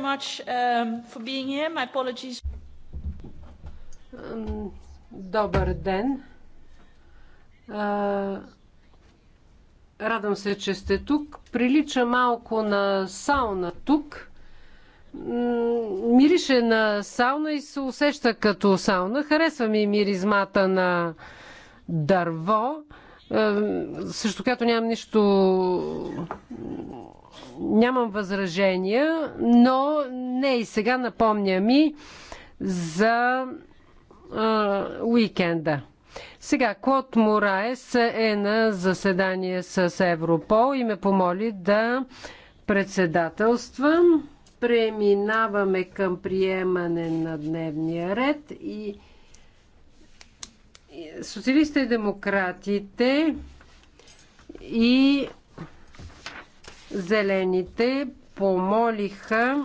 much um, for being here. My apologies. Добър ден. Радвам се, че сте тук. Прилича малко на сауна тук. Мирише на сауна и се усеща като сауна. Харесва ми миризмата на дърво, също като нямам нищо нямам възражения, но не и сега напомня ми за а, уикенда. Сега Клод Мораес е на заседание с Европол и ме помоли да председателствам. Преминаваме към приемане на дневния ред и социалистите и демократите и Зелените помолиха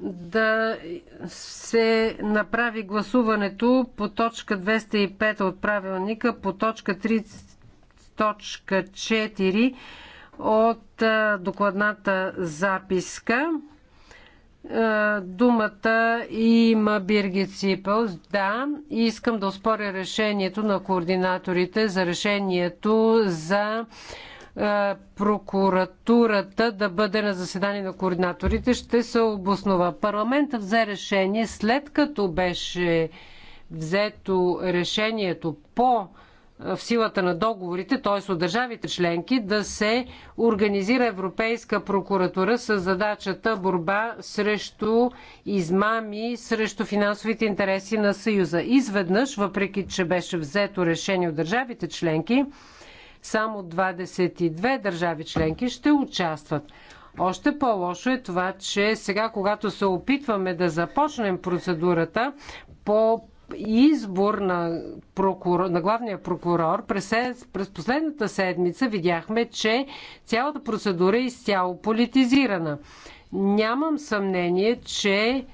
да се направи гласуването по точка 205 от правилника, по точка 3.4 от докладната записка. Думата има Биргит Сипел. Да, искам да успоря решението на координаторите за решението за е, прокуратурата да бъде на заседание на координаторите, ще се обоснова. Парламента взе решение, след като беше взето решението по е, в силата на договорите, т.е. от държавите членки, да се организира Европейска прокуратура с задачата борба срещу измами, срещу финансовите интереси на Съюза. Изведнъж, въпреки че беше взето решение от държавите членки, само 22 държави членки ще участват. Още по-лошо е това, че сега, когато се опитваме да започнем процедурата по избор на, прокурор, на главния прокурор, през, през последната седмица видяхме, че цялата процедура е изцяло политизирана. Нямам съмнение, че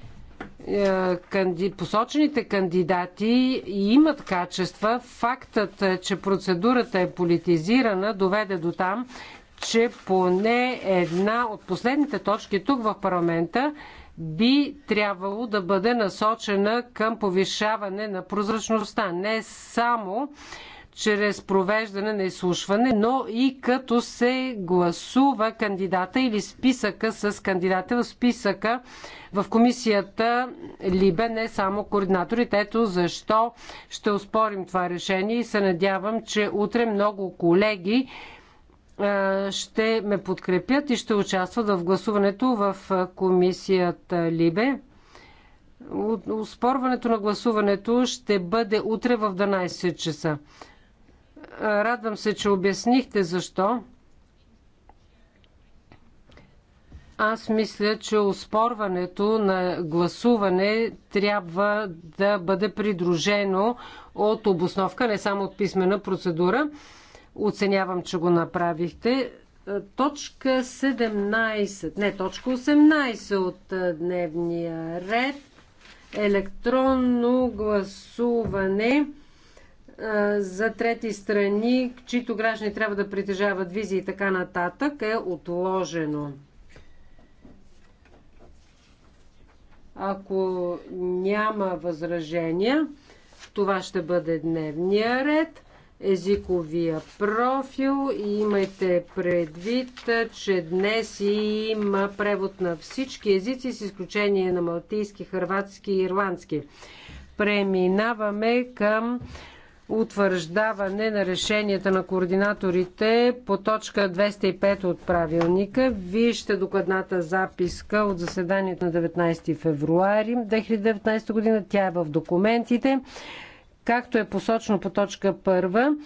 е, посочените кандидати имат качества. Фактът, е, че процедурата е политизирана, доведе до там, че поне една от последните точки тук в парламента би трябвало да бъде насочена към повишаване на прозрачността. Не само чрез провеждане на изслушване, но и като се гласува кандидата или списъка с кандидата в списъка в комисията Либе, не само координаторите. Ето защо ще успорим това решение и се надявам, че утре много колеги ще ме подкрепят и ще участват в гласуването в комисията Либе. Спорването на гласуването ще бъде утре в 12 часа. Радвам се, че обяснихте защо. Аз мисля, че успорването на гласуване трябва да бъде придружено от обосновка, не само от писмена процедура. Оценявам, че го направихте. Точка 17, не, точка 18 от дневния ред. Електронно гласуване за трети страни, чието граждани трябва да притежават визи и така нататък, е отложено. Ако няма възражения, това ще бъде дневния ред, езиковия профил и имайте предвид, че днес има превод на всички езици с изключение на малтийски, хрватски и ирландски. Преминаваме към утвърждаване на решенията на координаторите по точка 205 от правилника. Вижте докладната записка от заседанието на 19 февруари 2019 година. Тя е в документите. Както е посочено по точка 1,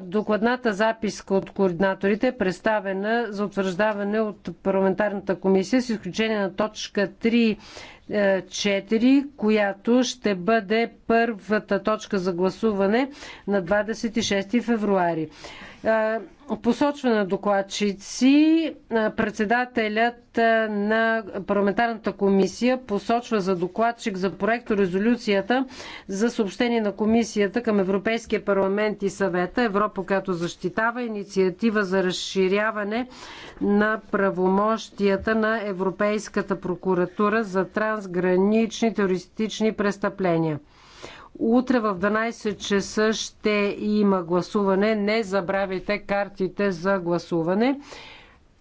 докладната записка от координаторите е представена за утвърждаване от парламентарната комисия с изключение на точка 3 4, която ще бъде първата точка за гласуване на 26 февруари. Посочва на докладчици. Председателят на парламентарната комисия посочва за докладчик за проект резолюцията за съобщение на комисията към Европейския парламент и съвета Европа, която защитава инициатива за разширяване на правомощията на Европейската прокуратура за трансгранични терористични престъпления. Утре в 12 часа ще има гласуване. Не забравяйте картите за гласуване.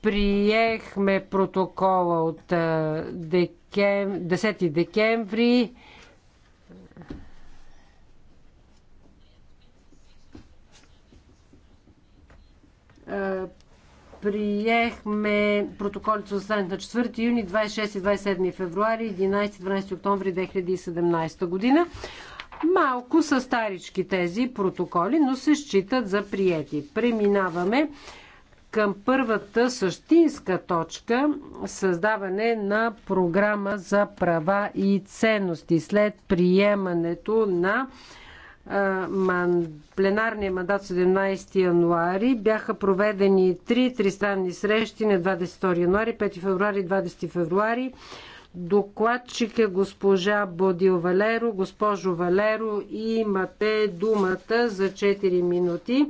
Приехме протокола от 10 е, декември. Е, приехме протоколите за заседанието на 4 юни, 26 и 27 февруари, 11 12 октомври 2017 година. Малко са старички тези протоколи, но се считат за приети. Преминаваме към първата същинска точка създаване на програма за права и ценности след приемането на пленарния мандат 17 януари бяха проведени три тристранни срещи на 22 януари, 5 февруари, 20 февруари Докладчик е госпожа Бодил Валеро. Госпожо Валеро, имате думата за 4 минути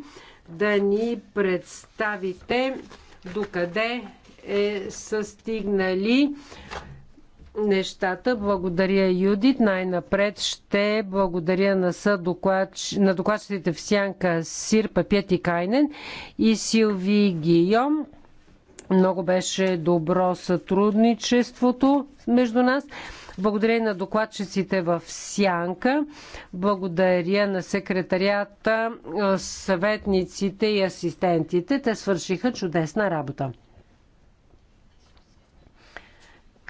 да ни представите докъде е, са стигнали нещата. Благодаря, Юдит. Най-напред ще благодаря на, съдоклад... на докладчиците в Сянка Сирпа Пети и Кайнен и Силви Гийом. Много беше добро сътрудничеството между нас. Благодаря на докладчиците в Сянка. Благодаря на секретарията, съветниците и асистентите. Те свършиха чудесна работа.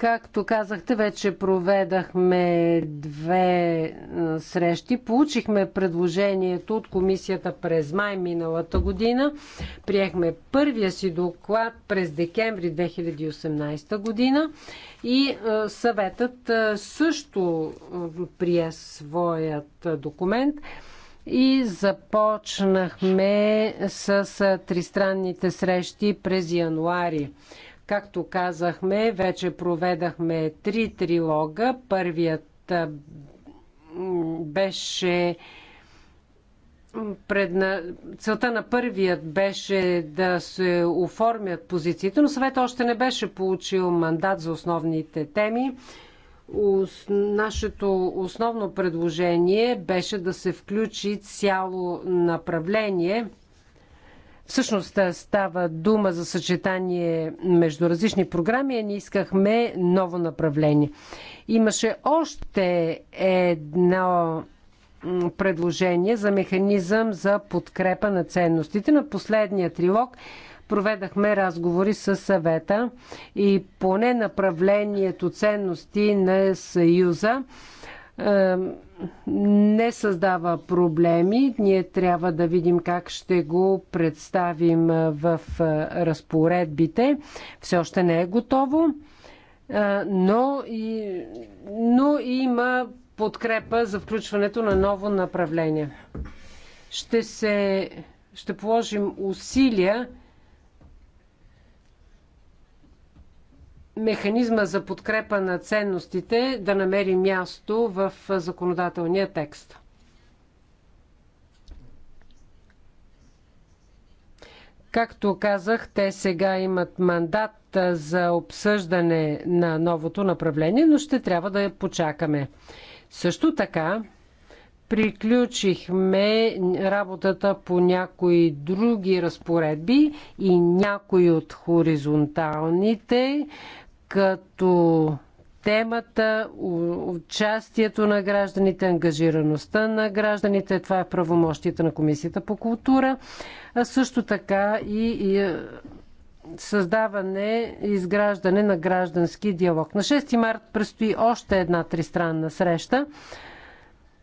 Както казахте, вече проведахме две е, срещи. Получихме предложението от комисията през май миналата година. Приехме първия си доклад през декември 2018 година и е, съветът е, също прие своят документ и започнахме с тристранните срещи през януари. Както казахме, вече проведахме три трилога. Първият беше предна... целта на първият беше да се оформят позициите, но съвет още не беше получил мандат за основните теми. Ос... Нашето основно предложение беше да се включи цяло направление – Всъщност става дума за съчетание между различни програми, а ние искахме ново направление. Имаше още едно предложение за механизъм за подкрепа на ценностите. На последния трилог проведахме разговори с съвета и поне направлението ценности на Съюза не създава проблеми. Ние трябва да видим как ще го представим е, в е, разпоредбите. Все още не е готово, е, но, и, но има подкрепа за включването на ново направление. Ще, се, ще положим усилия механизма за подкрепа на ценностите да намери място в законодателния текст. Както казах, те сега имат мандат за обсъждане на новото направление, но ще трябва да я почакаме. Също така, приключихме работата по някои други разпоредби и някои от хоризонталните като темата, участието на гражданите, ангажираността на гражданите. Това е правомощията на Комисията по култура. А също така и, и е, създаване и изграждане на граждански диалог. На 6 март предстои още една тристранна среща,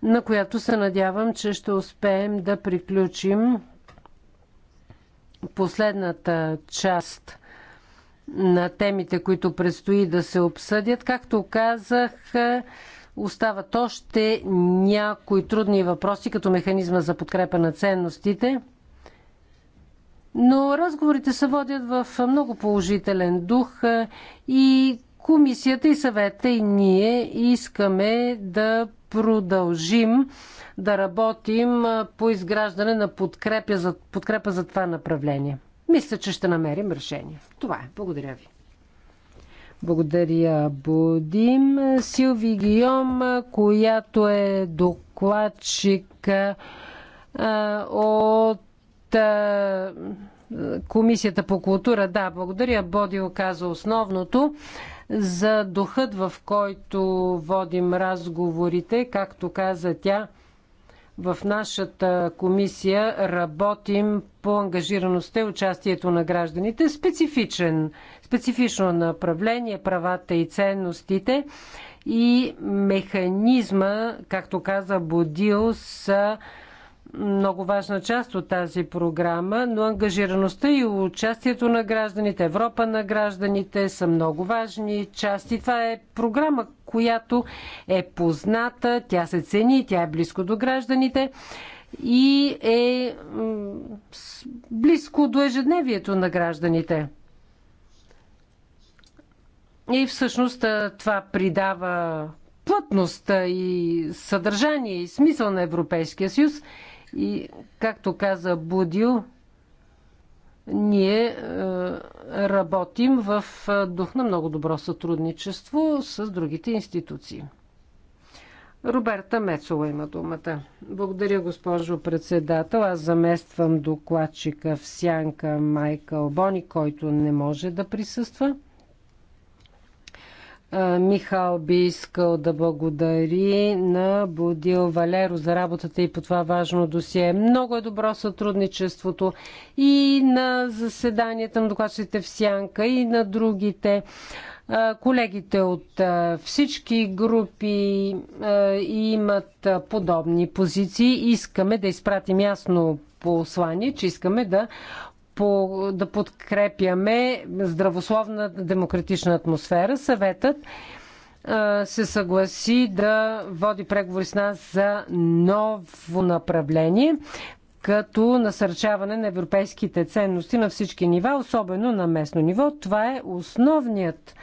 на която се надявам, че ще успеем да приключим последната част – на темите, които предстои да се обсъдят. Както казах, остават още някои трудни въпроси, като механизма за подкрепа на ценностите. Но разговорите се водят в много положителен дух и комисията и съвета и ние искаме да продължим да работим по изграждане на подкрепа за, подкрепа за това направление. Мисля, че ще намерим решение. Това е. Благодаря ви. Благодаря, Будим. Силви Гиом, която е докладчик от Комисията по култура. Да, благодаря. Боди каза основното за духът, в който водим разговорите. Както каза тя, в нашата комисия работим по ангажираността и участието на гражданите, специфичен, специфично направление, правата и ценностите и механизма, както каза Бодил, са много важна част от тази програма, но ангажираността и участието на гражданите, Европа на гражданите са много важни части. Това е програма, която е позната, тя се цени, тя е близко до гражданите и е близко до ежедневието на гражданите. И всъщност това придава плътност и съдържание и смисъл на Европейския съюз – и, както каза Будил, ние е, работим в е, дух на много добро сътрудничество с другите институции. Роберта Мецова има думата. Благодаря, госпожо председател. Аз замествам докладчика в сянка Майкъл Бони, който не може да присъства. Михал би искал да благодари на Будил Валеро за работата и по това важно досие. Много е добро сътрудничеството и на заседанията на докладчите в Сянка и на другите колегите от всички групи имат подобни позиции. Искаме да изпратим ясно послание, че искаме да по, да подкрепяме здравословна демократична атмосфера. Съветът се съгласи да води преговори с нас за ново направление, като насърчаване на европейските ценности на всички нива, особено на местно ниво. Това е основният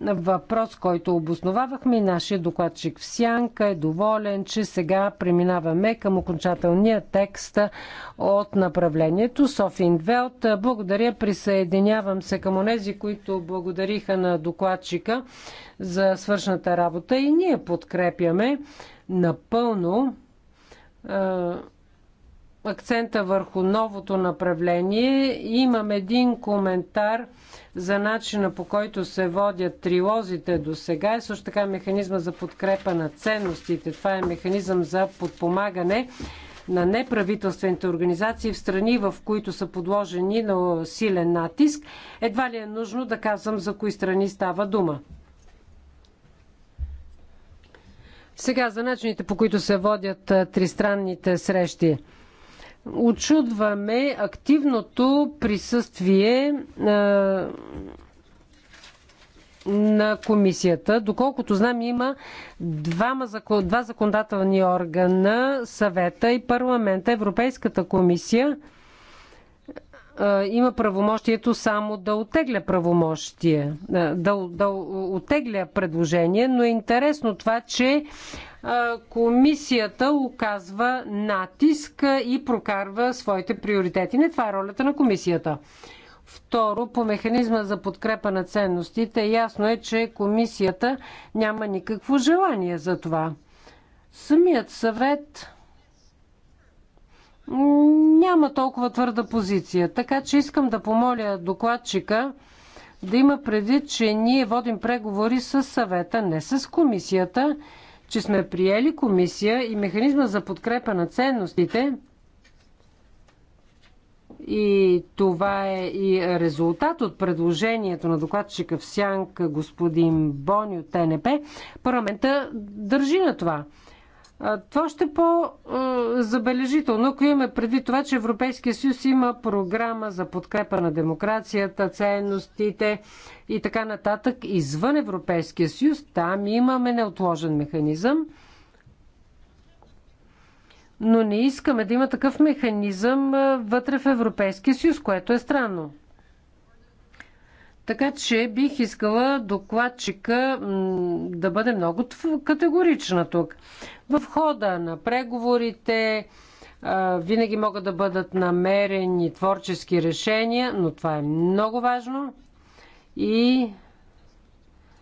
въпрос, който обосновавахме. Нашия докладчик в Сянка е доволен, че сега преминаваме към окончателния текст от направлението. Софин Велт, благодаря, присъединявам се към онези, които благодариха на докладчика за свършната работа и ние подкрепяме напълно акцента върху новото направление. Имам един коментар – за начина по който се водят трилозите до сега и е също така механизма за подкрепа на ценностите. Това е механизъм за подпомагане на неправителствените организации в страни, в които са подложени на силен натиск. Едва ли е нужно да казвам за кои страни става дума. Сега за начините по които се водят тристранните срещи очудваме активното присъствие а, на комисията. Доколкото знам, има двама, два законодателни органа, съвета и парламента. Европейската комисия а, има правомощието само да отегля правомощие, да, да отегля предложение, но е интересно това, че комисията оказва натиск и прокарва своите приоритети. Не това е ролята на комисията. Второ, по механизма за подкрепа на ценностите, ясно е, че комисията няма никакво желание за това. Самият съвет няма толкова твърда позиция, така че искам да помоля докладчика да има предвид, че ние водим преговори с съвета, не с комисията че сме приели комисия и механизма за подкрепа на ценностите и това е и резултат от предложението на докладчика в Сянка господин Бони от ТНП. Парламента държи на това. Това още е по-забележително, ако имаме предвид това, че Европейския съюз има програма за подкрепа на демокрацията, ценностите и така нататък. Извън Европейския съюз там имаме неотложен механизъм, но не искаме да има такъв механизъм вътре в Европейския съюз, което е странно. Така че бих искала докладчика да бъде много категорична тук. В хода на преговорите винаги могат да бъдат намерени творчески решения, но това е много важно. И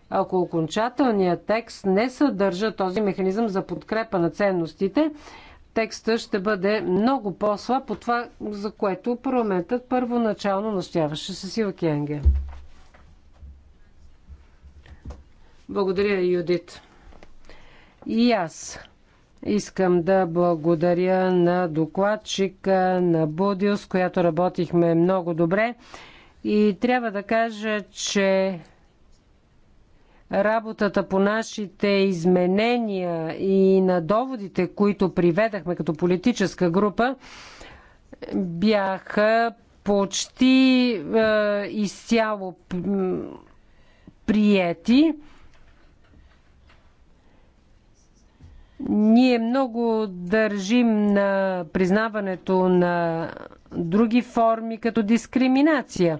ако окончателният текст не съдържа този механизъм за подкрепа на ценностите, текста ще бъде много по-слаб от това, за което парламентът първоначално настояваше с Кенге. Благодаря, Юдит. И аз Искам да благодаря на докладчика на Будил, с която работихме много добре. И трябва да кажа, че работата по нашите изменения и на доводите, които приведахме като политическа група, бяха почти е, изцяло приети. Ние много държим на признаването на други форми като дискриминация.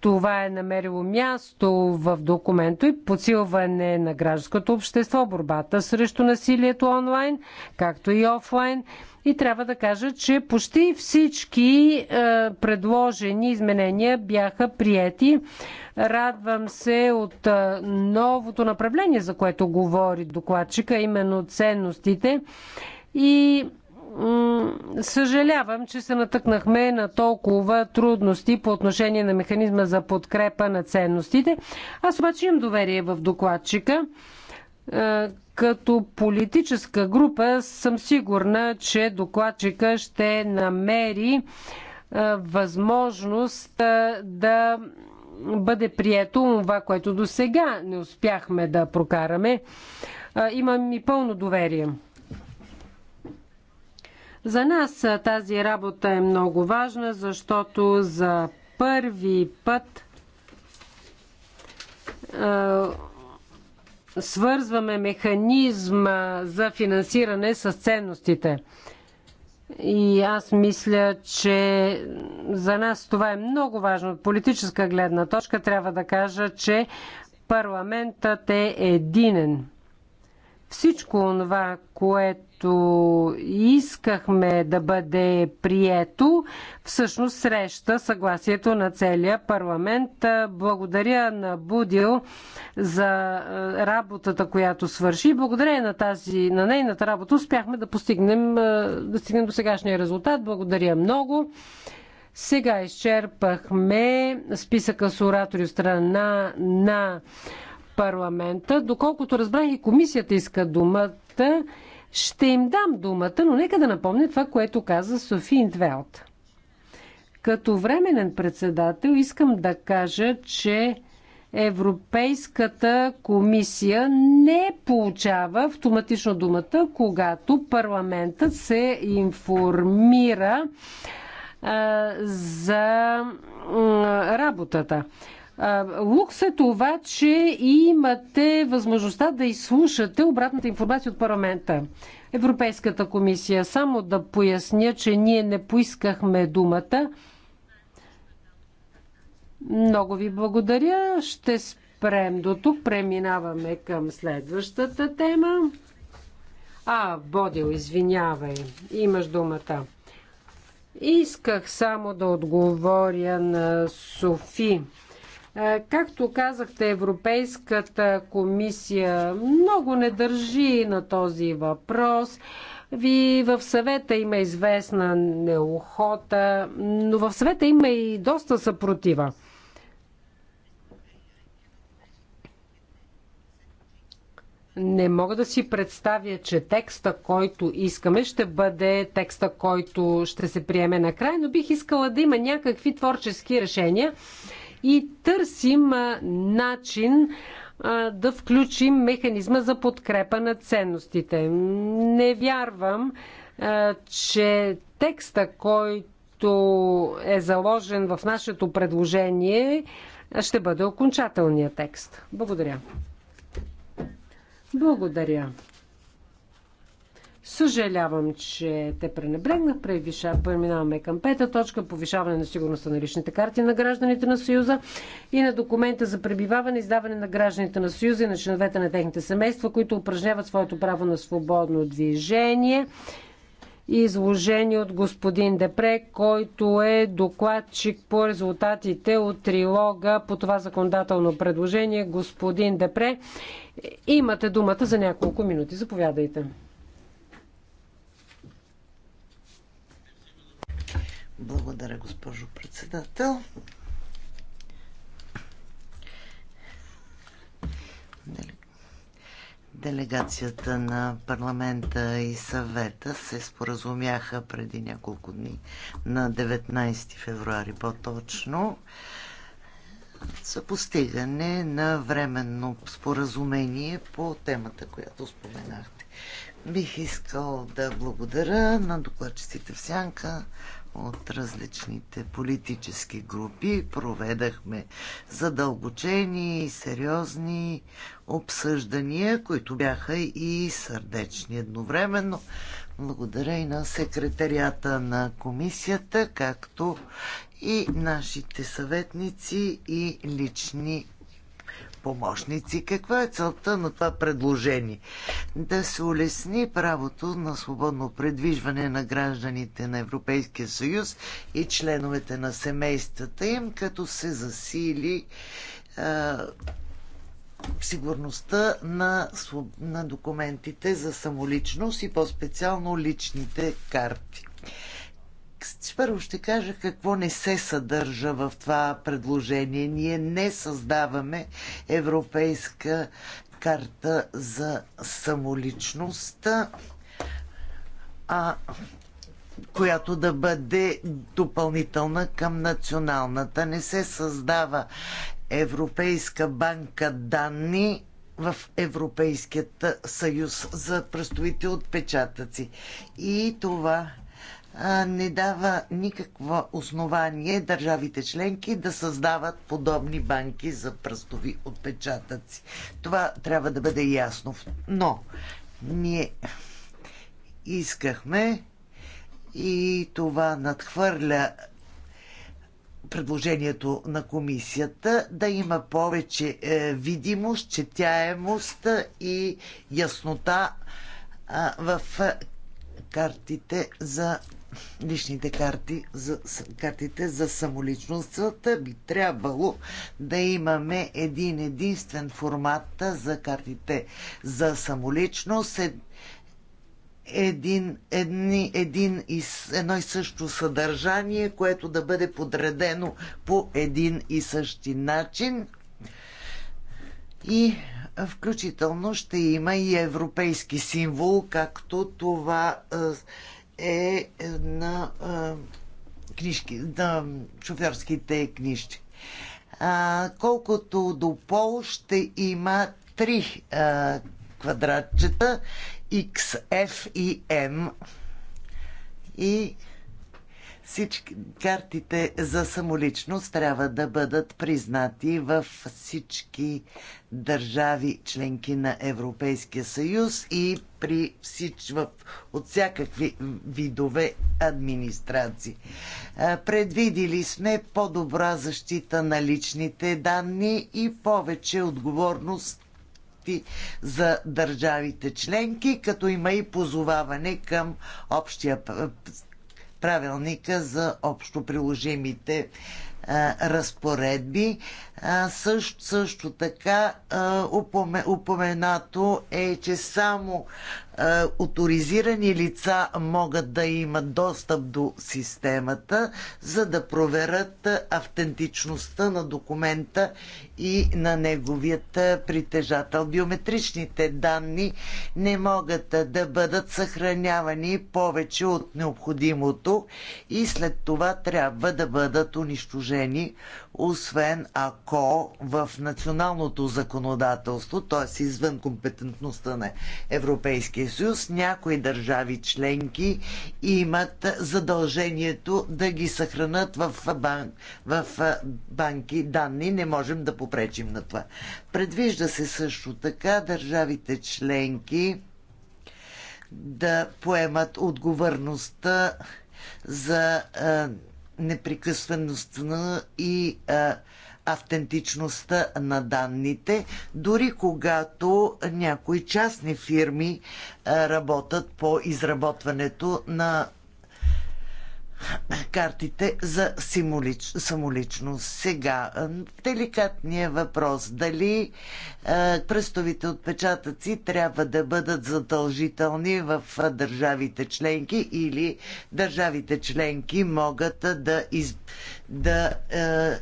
Това е намерило място в документо и подсилване на гражданското общество, борбата срещу насилието онлайн, както и офлайн и трябва да кажа, че почти всички е, предложени изменения бяха приети. Радвам се от е, новото направление, за което говори докладчика, именно ценностите. И съжалявам, че се натъкнахме на толкова трудности по отношение на механизма за подкрепа на ценностите. Аз обаче имам доверие в докладчика е, като политическа група съм сигурна, че докладчика ще намери възможност да бъде прието това, което до сега не успяхме да прокараме. Имам и пълно доверие. За нас тази работа е много важна, защото за първи път свързваме механизма за финансиране с ценностите. И аз мисля, че за нас това е много важно. От политическа гледна точка трябва да кажа, че парламентът е единен. Всичко това, което което искахме да бъде прието, всъщност среща съгласието на целия парламент. Е, благодаря на Будил за е, работата, която свърши. Благодаря на, тази, на нейната работа успяхме да постигнем е, да стигнем до сегашния резултат. Благодаря много. Сега изчерпахме списъка с оратори от страна на парламента. Доколкото разбрах и комисията иска думата. Ще им дам думата, но нека да напомня това, което каза Софи Индвелт. Като временен председател искам да кажа, че Европейската комисия не получава автоматично думата, когато парламентът се информира а, за а, работата. Лукс е това, че имате възможността да изслушате обратната информация от парламента. Европейската комисия. Само да поясня, че ние не поискахме думата. Много ви благодаря. Ще спрем до тук. Преминаваме към следващата тема. А, Бодил, извинявай. Имаш думата. Исках само да отговоря на Софи. Е, както казахте, Европейската комисия много не държи на този въпрос. Ви в съвета има известна неохота, но в съвета има и доста съпротива. не мога да си представя, че текста, който искаме, ще бъде текста, който ще се приеме накрая, но бих искала да има някакви творчески решения, и търсим начин да включим механизма за подкрепа на ценностите. Не вярвам, че текста, който е заложен в нашето предложение, ще бъде окончателният текст. Благодаря. Благодаря. Съжалявам, че те пренебрегнах. Превиша, преминаваме към пета точка. Повишаване на сигурността на личните карти на гражданите на Съюза и на документа за пребиваване, издаване на гражданите на Съюза и на членовете на техните семейства, които упражняват своето право на свободно движение. Изложение от господин Депре, който е докладчик по резултатите от трилога по това законодателно предложение. Господин Депре, имате думата за няколко минути. Заповядайте. Благодаря, госпожо председател. Делегацията на парламента и съвета се споразумяха преди няколко дни на 19 февруари по-точно за постигане на временно споразумение по темата, която споменахте. Бих искал да благодаря на докладчиците в Сянка, от различните политически групи. Проведахме задълбочени и сериозни обсъждания, които бяха и сърдечни едновременно. Благодаря и на секретарията на комисията, както и нашите съветници и лични помощници. Каква е целта на това предложение? Да се улесни правото на свободно предвижване на гражданите на Европейския съюз и членовете на семействата им, като се засили сигурността на, на документите за самоличност и по-специално личните карти. Първо ще кажа какво не се съдържа в това предложение. Ние не създаваме европейска карта за самоличност, а която да бъде допълнителна към националната. Не се създава Европейска банка данни в Европейският съюз за пръстовите отпечатъци. И това не дава никакво основание държавите членки да създават подобни банки за пръстови отпечатъци. Това трябва да бъде ясно. Но ние искахме и това надхвърля предложението на комисията да има повече е, видимост, четяемост и яснота в картите за личните карти за, картите за самоличността би трябвало да имаме един единствен формат за картите за самоличност, е, един, едни, един и, едно и също съдържание, което да бъде подредено по един и същи начин. И включително ще има и европейски символ, както това е, е на книжки, на шофьорските книжки. А, колкото до пол ще има три а, квадратчета XF и M. И всички картите за самоличност трябва да бъдат признати в всички държави членки на Европейския съюз и при всич, в, от всякакви видове администрации. Предвидили сме по-добра защита на личните данни и повече отговорност за държавите членки, като има и позоваване към общия правилника за общо приложимите разпоредби. Също, също така упоменато е, че само авторизирани лица могат да имат достъп до системата, за да проверят автентичността на документа и на неговият притежател. Биометричните данни не могат да бъдат съхранявани повече от необходимото и след това трябва да бъдат унищожени освен ако в националното законодателство, т.е. извън компетентността на Европейския съюз, някои държави членки имат задължението да ги съхранят в, бан... в банки данни. Не можем да попречим на това. Предвижда се също така държавите членки да поемат отговорността за непрекъсваността и а, автентичността на данните, дори когато някои частни фирми а, работят по изработването на картите за симулич, самоличност. Сега, е, деликатният въпрос. Дали е, пръстовите отпечатъци трябва да бъдат задължителни в е, държавите членки или държавите членки могат е, да, из, да е,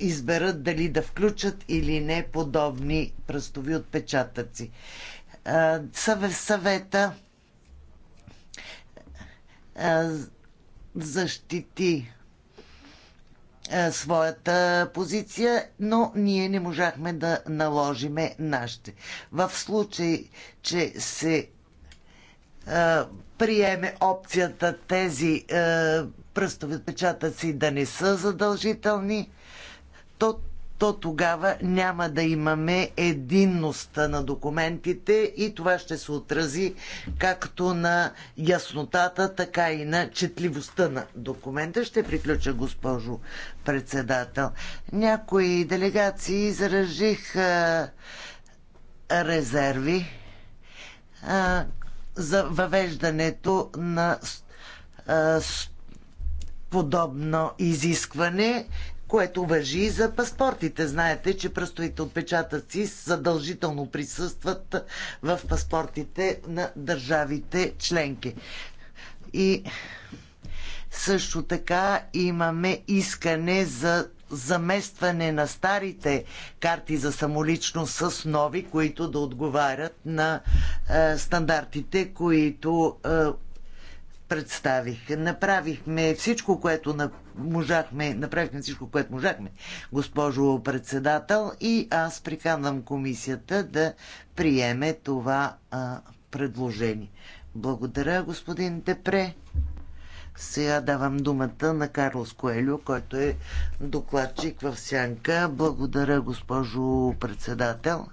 изберат дали да включат или не подобни пръстови отпечатъци. Е, съвета е, защити е, своята позиция, но ние не можахме да наложиме нашите. В случай, че се а, е, приеме опцията тези а, е, пръстови отпечатъци да не са задължителни, то то тогава няма да имаме единността на документите и това ще се отрази както на яснотата, така и на четливостта на документа. Ще приключа, госпожо председател. Някои делегации изражиха резерви а, за въвеждането на а, подобно изискване което въжи и за паспортите. Знаете, че пръстовите отпечатъци задължително присъстват в паспортите на държавите членки. И също така имаме искане за заместване на старите карти за самоличност с нови, които да отговарят на е, стандартите, които е, представих. Направихме всичко, което на... можахме, направихме всичко, което можахме, госпожо председател, и аз приканвам комисията да приеме това а, предложение. Благодаря, господин Депре. Сега давам думата на Карлос Коелю, който е докладчик в Сянка. Благодаря, госпожо председател.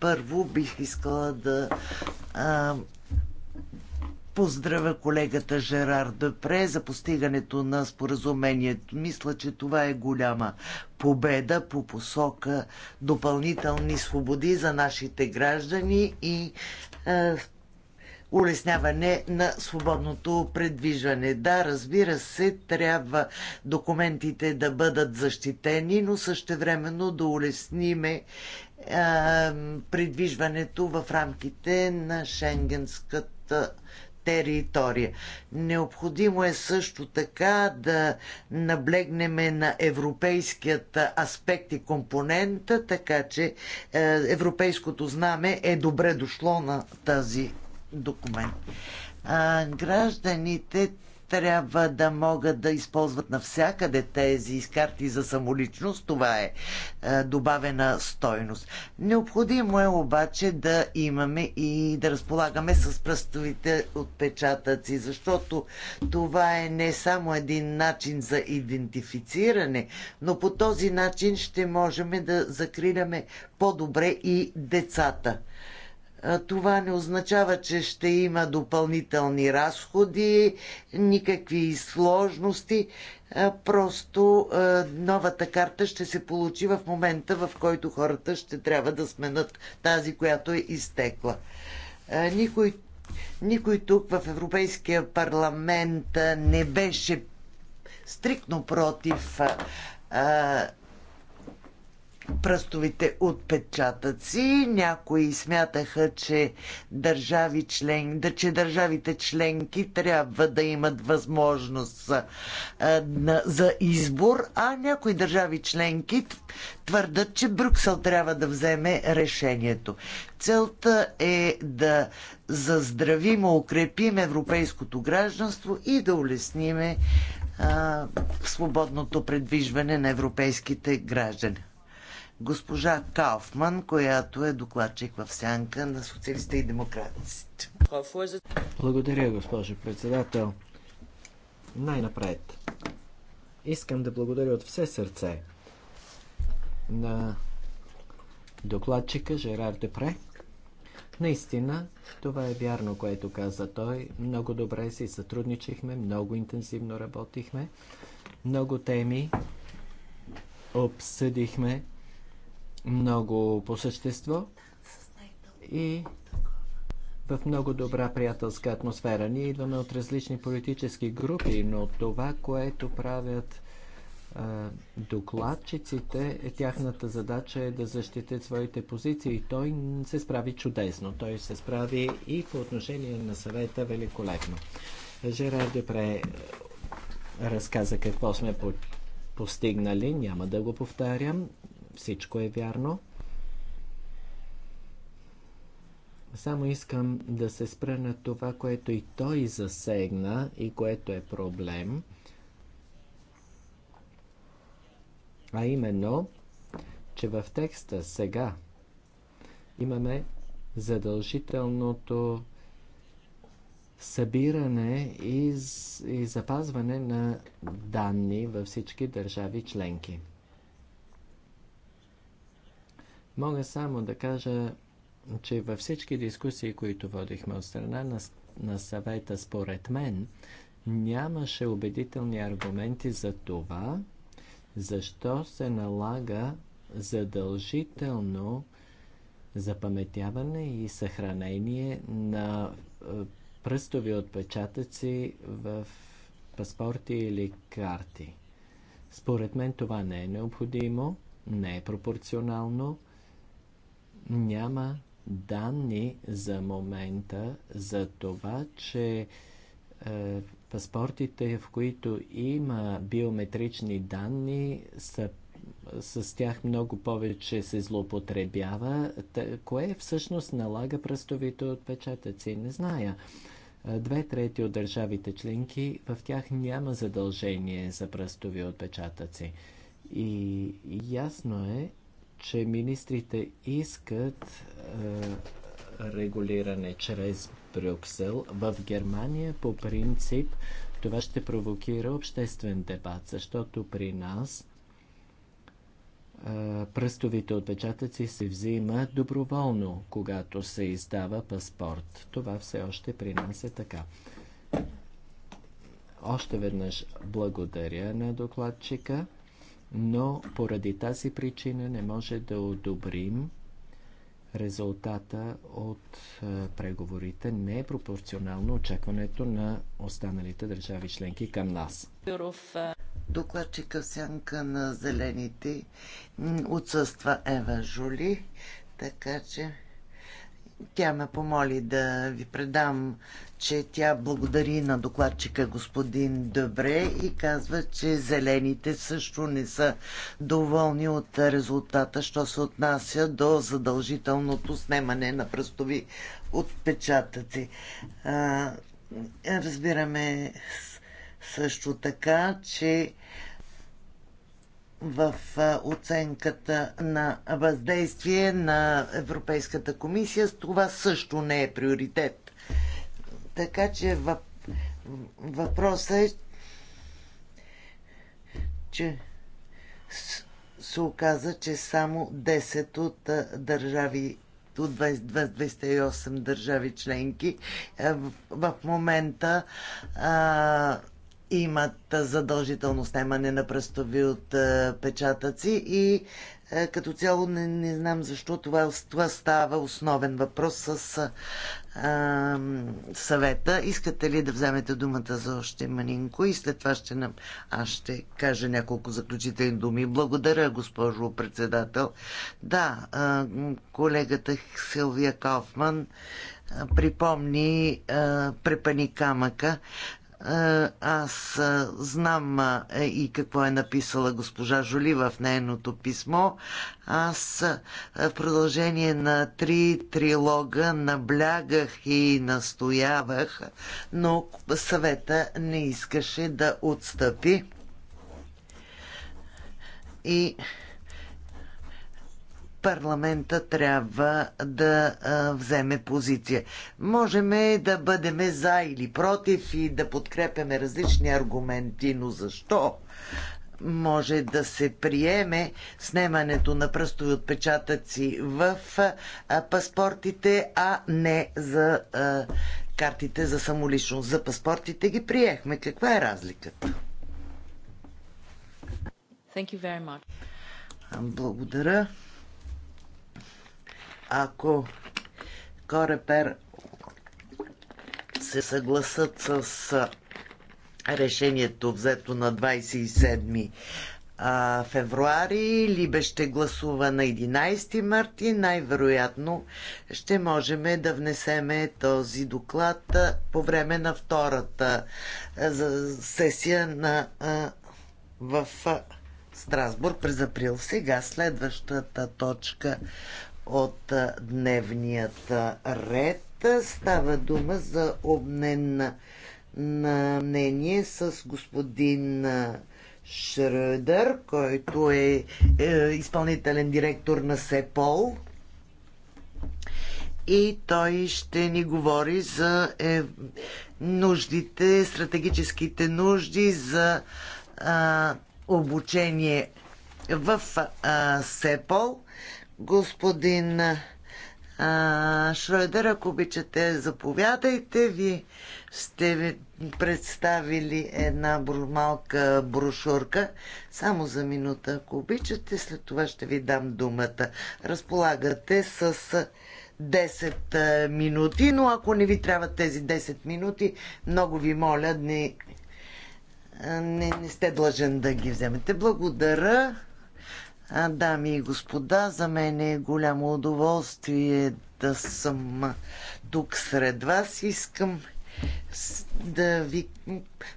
Първо бих искала да а, поздравя колегата Жерар Депре за постигането на споразумението. Мисля, че това е голяма победа по посока допълнителни свободи за нашите граждани и е, улесняване на свободното предвижване. Да, разбира се, трябва документите да бъдат защитени, но същевременно да улесниме е, предвижването в рамките на Шенгенската територия. Необходимо е също така да наблегнеме на европейският аспект и компонента, така че е, европейското знаме е добре дошло на тази документ. А, гражданите трябва да могат да използват навсякъде тези карти за самоличност. Това е, е добавена стойност. Необходимо е обаче да имаме и да разполагаме с пръстовите отпечатъци, защото това е не само един начин за идентифициране, но по този начин ще можем да закриляме по-добре и децата. Това не означава, че ще има допълнителни разходи, никакви сложности. Просто новата карта ще се получи в момента, в който хората ще трябва да сменят тази, която е изтекла. Никой, никой тук в Европейския парламент не беше стрикно против пръстовите отпечатъци. Някои смятаха, че, държави член, да, че държавите членки трябва да имат възможност а, на, за избор, а някои държави членки твърдат, че Брюксел трябва да вземе решението. Целта е да заздравим, укрепим европейското гражданство и да улесниме а, свободното предвижване на европейските граждани госпожа Кауфман, която е докладчик в сянка на социалистите и демократите. Благодаря, госпожо председател. Най-напред. Искам да благодаря от все сърце на докладчика Жерар Депре. Наистина, това е вярно, което каза той. Много добре си сътрудничихме, много интензивно работихме, много теми обсъдихме много по същество и в много добра приятелска атмосфера. Ние идваме от различни политически групи, но това, което правят докладчиците, е тяхната задача е да защитят своите позиции. Той се справи чудесно. Той се справи и по отношение на съвета великолепно. Жерар Депре разказа какво сме по постигнали, няма да го повтарям. Всичко е вярно. Само искам да се спра на това, което и той засегна и което е проблем. А именно, че в текста сега имаме задължителното събиране и, запазване на данни във всички държави членки. Мога само да кажа, че във всички дискусии, които водихме от страна на, на съвета, според мен, нямаше убедителни аргументи за това, защо се налага задължително запаметяване и съхранение на е, пръстови отпечатъци в паспорти или карти. Според мен това не е необходимо, не е пропорционално няма данни за момента за това, че е, паспортите, в които има биометрични данни, са с тях много повече се злоупотребява. Кое всъщност налага пръстовите отпечатъци? Не зная. Е, две трети от държавите членки, в тях няма задължение за пръстови отпечатъци. И ясно е, че министрите искат е, регулиране чрез Брюксел. В Германия по принцип това ще провокира обществен дебат, защото при нас е, пръстовите отпечатъци се взимат доброволно, когато се издава паспорт. Това все още при нас е така. Още веднъж благодаря на докладчика но поради тази причина не може да одобрим резултата от е, преговорите не е пропорционално очакването на останалите държави членки към нас. Докладчика сянка на зелените отсъства Ева Жули, така че тя ме помоли да ви предам, че тя благодари на докладчика господин Добре и казва, че зелените също не са доволни от резултата, що се отнася до задължителното снемане на пръстови отпечатъци. разбираме също така, че в оценката на въздействие на Европейската комисия. с Това също не е приоритет. Така че въпросът е, че се оказа, че само 10 от държави от 28 държави членки в момента а, имат задължително снимане на пръстови отпечатъци е, и е, като цяло не, не знам защо това, това става основен въпрос с е, а, съвета. Искате ли да вземете думата за още манинко и след това ще нам... Аз ще кажа няколко заключителни думи. Благодаря, госпожо председател. Да, а, колегата Силвия Кауфман припомни а, препани камъка. Е, аз е, знам е, и какво е написала госпожа Жоли в нейното писмо. Аз в продължение на три трилога наблягах и настоявах, но съвета не искаше да отстъпи. И парламента трябва да а, вземе позиция. Можеме да бъдеме за или против и да подкрепяме различни аргументи, но защо може да се приеме снимането на пръстови отпечатъци в а, паспортите, а не за а, картите за самоличност. За паспортите ги приехме. Каква е разликата? Thank you very much. Благодаря ако Корепер се съгласат с решението взето на 27 февруари, Либе ще гласува на 11 марти, най-вероятно ще можем да внесеме този доклад по време на втората сесия на, в Страсбург през април. Сега следващата точка от дневният ред. Става дума за обмен на, на мнение с господин Шръдър, който е, е изпълнителен директор на СЕПОЛ. И той ще ни говори за е, нуждите, стратегическите нужди за а, обучение в а, СЕПОЛ господин а, Шройдер, ако обичате, заповядайте. Ви сте ви представили една малка брошурка. Само за минута, ако обичате, след това ще ви дам думата. Разполагате с 10 минути, но ако не ви трябват тези 10 минути, много ви моля, не, не, не сте длъжен да ги вземете. Благодаря. Дами и господа, за мен е голямо удоволствие да съм тук сред вас. Искам да ви,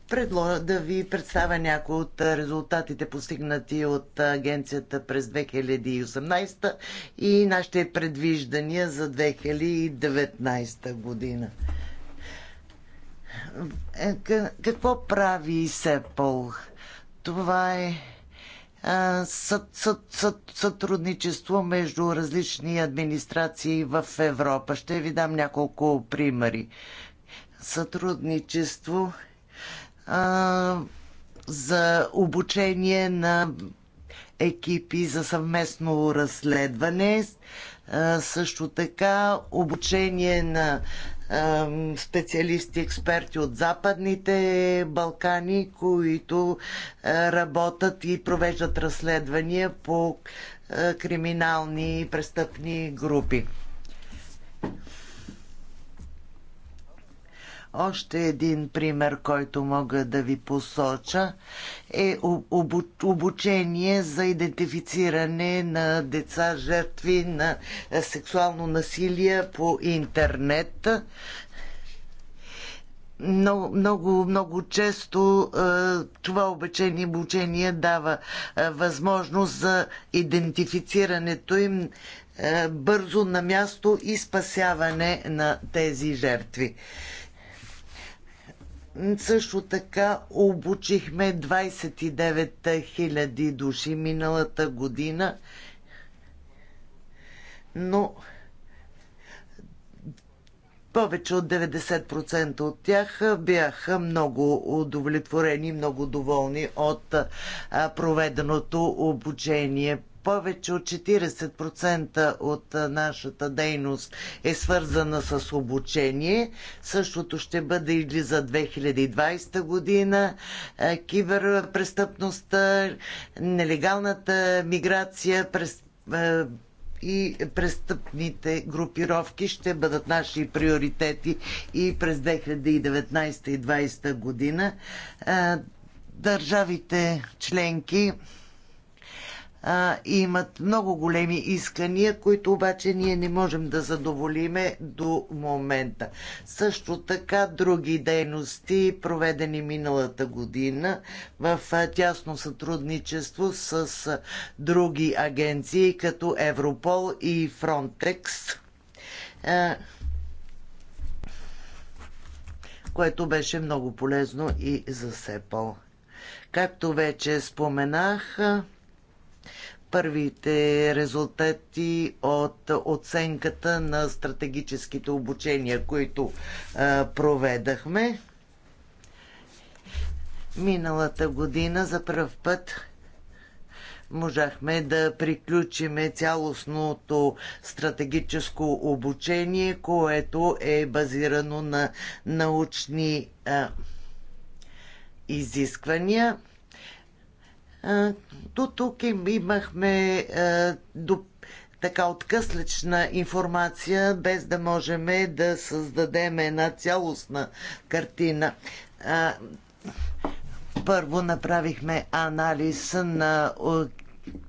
предложа, да ви представя някои от резултатите постигнати от агенцията през 2018 и нашите предвиждания за 2019 година. Е, какво прави СЕПОЛ? Това е сътрудничество между различни администрации в Европа. Ще ви дам няколко примери. Сътрудничество за обучение на екипи за съвместно разследване, също така обучение на специалисти, експерти от Западните Балкани, които работят и провеждат разследвания по криминални и престъпни групи. Още един пример, който мога да ви посоча, е обучение за идентифициране на деца жертви на е, сексуално насилие по интернет. Много, много, много често е, това обучение, обучение дава е, възможност за идентифицирането им бързо на място и спасяване на тези жертви. Също така обучихме 29 000 души миналата година, но повече от 90% от тях бяха много удовлетворени, много доволни от проведеното обучение повече от 40% от нашата дейност е свързана с обучение. Същото ще бъде или за 2020 година. Киберпрестъпността, нелегалната миграция през и престъпните групировки ще бъдат наши приоритети и през 2019 и 2020 година. Държавите членки а, имат много големи искания, които обаче ние не можем да задоволиме до момента. Също така други дейности, проведени миналата година в тясно сътрудничество с други агенции, като Европол и Фронтекс което беше много полезно и за СЕПОЛ. Както вече споменах, първите резултати от оценката на стратегическите обучения, които е, проведахме. Миналата година за първ път можахме да приключиме цялостното стратегическо обучение, което е базирано на научни а, е, изисквания. До тук имахме до така откъслечна информация, без да можем да създадем една цялостна картина. Първо направихме анализ на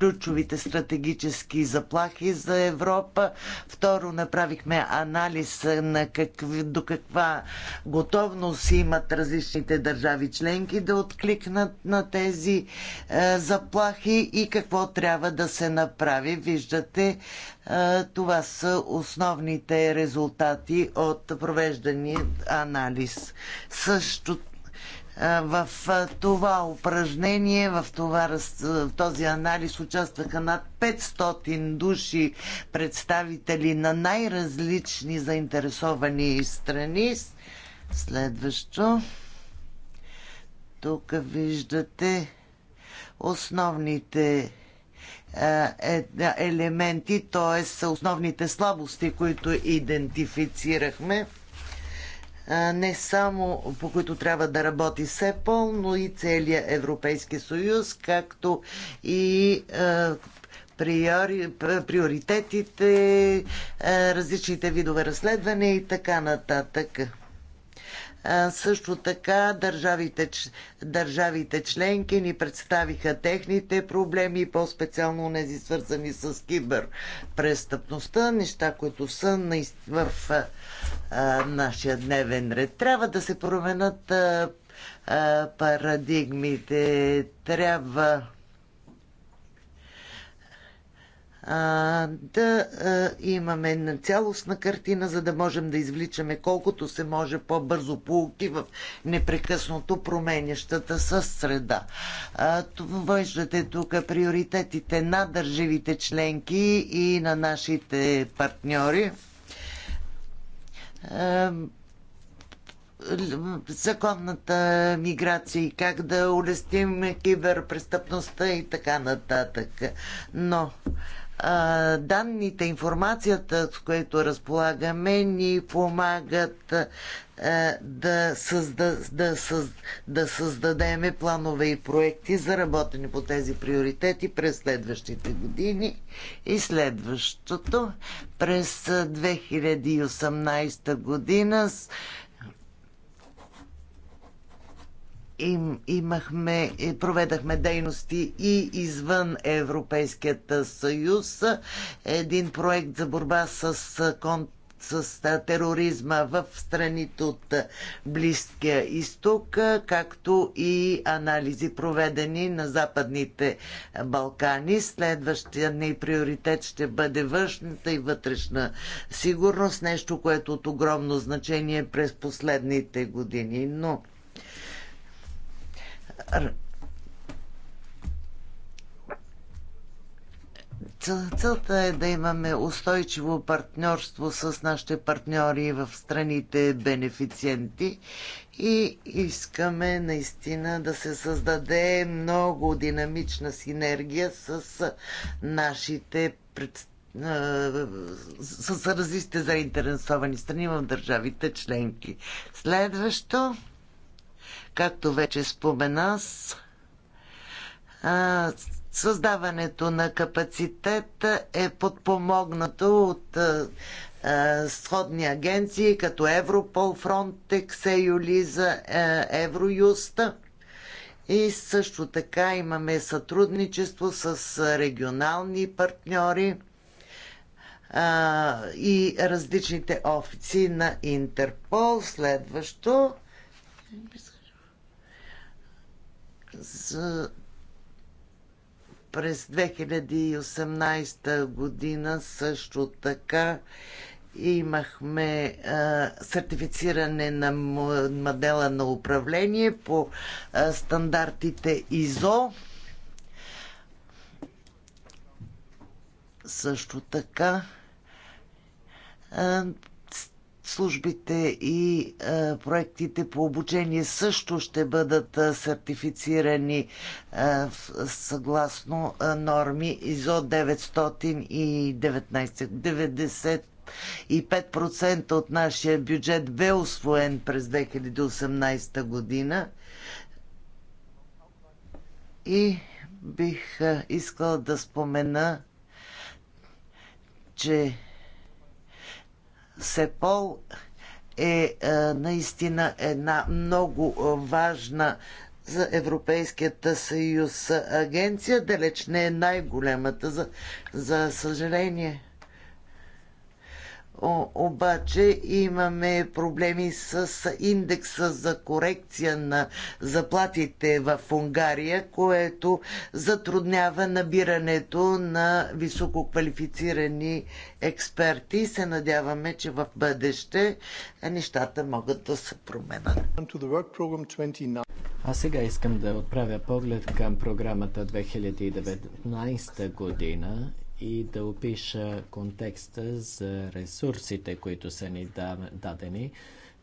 ключовите стратегически заплахи за Европа. Второ, направихме анализ на какви, до каква готовност имат различните държави членки да откликнат на тези е, заплахи и какво трябва да се направи. Виждате, е, това са основните резултати от провеждания анализ. Същото в това упражнение, в, това, в този анализ участваха над 500 души представители на най-различни заинтересовани страни. Следващо. Тук виждате основните е, е, елементи, т.е. основните слабости, които идентифицирахме не само по които трябва да работи СЕПОЛ, но и целият Европейски съюз, както и приоритетите, различните видове разследване и така нататък. Също така държавите, държавите членки ни представиха техните проблеми, по-специално тези свързани с киберпрестъпността, неща, които са в а, нашия дневен ред. Трябва да се променят а, а, парадигмите, трябва а, да а, имаме цялостна картина, за да можем да извличаме колкото се може по-бързо полуки в непрекъснато променящата със среда. А, виждате тук приоритетите на държавите членки и на нашите партньори. Е, законната миграция и как да улестим киберпрестъпността и така нататък. Но данните, информацията, с което разполагаме, ни помагат да, създа, да, създ, да създадеме планове и проекти за работене по тези приоритети през следващите години и следващото. През 2018 година им, имахме, е, проведахме дейности и извън Европейският съюз. Един проект за борба с конт с тероризма в страните от Близкия изток, както и анализи проведени на Западните Балкани. Следващия ни приоритет ще бъде външната и вътрешна сигурност, нещо, което е от огромно значение през последните години. Но целта е да имаме устойчиво партньорство с нашите партньори в страните бенефициенти и искаме наистина да се създаде много динамична синергия с нашите с различните заинтересовани страни в държавите членки. Следващо Както вече спомена, създаването на капацитет е подпомогнато от сходни агенции като Европол, Фронтекс, Еюлиза, Евроюста. И също така имаме сътрудничество с регионални партньори а, и различните офици на Интерпол. Следващо. За през 2018 година също така имахме а, сертифициране на модела на управление по а, стандартите ИЗО. Също така а, службите и е, проектите по обучение също ще бъдат е, сертифицирани е, съгласно норми ИЗО 919 и 5% от нашия бюджет бе освоен през 2018 година. И бих искала да спомена, че СЕПОЛ е, е наистина една много важна за Европейският съюз агенция, далеч не е най големата за, за съжаление обаче имаме проблеми с индекса за корекция на заплатите в Унгария, което затруднява набирането на висококвалифицирани експерти се надяваме, че в бъдеще нещата могат да се променят. А сега искам да отправя поглед към програмата 2019 година и да опиша контекста за ресурсите, които са ни дадени.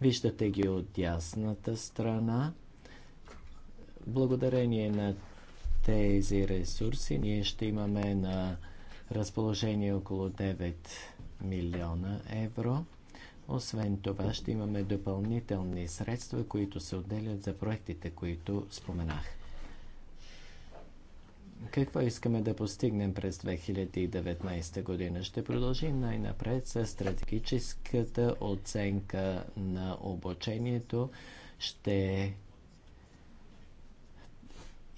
Виждате ги от ясната страна. Благодарение на тези ресурси ние ще имаме на разположение около 9 милиона евро. Освен това ще имаме допълнителни средства, които се отделят за проектите, които споменах какво искаме да постигнем през 2019 година? Ще продължим най-напред с стратегическата оценка на обучението. Ще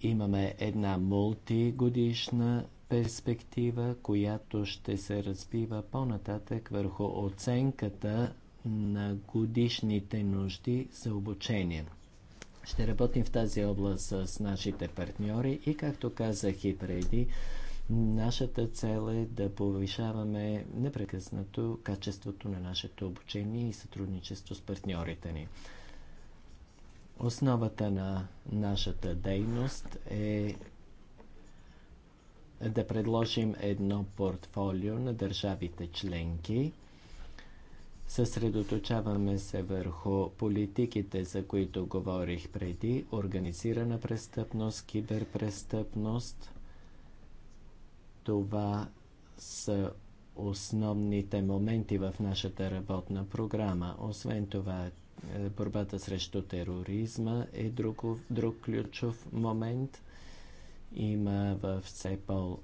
имаме една мултигодишна перспектива, която ще се разбива по-нататък върху оценката на годишните нужди за обучение. Ще работим в тази област с нашите партньори и, както казах и преди, нашата цел е да повишаваме непрекъснато качеството на нашето обучение и сътрудничество с партньорите ни. Основата на нашата дейност е да предложим едно портфолио на държавите членки – Съсредоточаваме се върху политиките, за които говорих преди организирана престъпност, киберпрестъпност. Това са основните моменти в нашата работна програма. Освен това, е, борбата срещу тероризма е друг, друг ключов момент. Има в по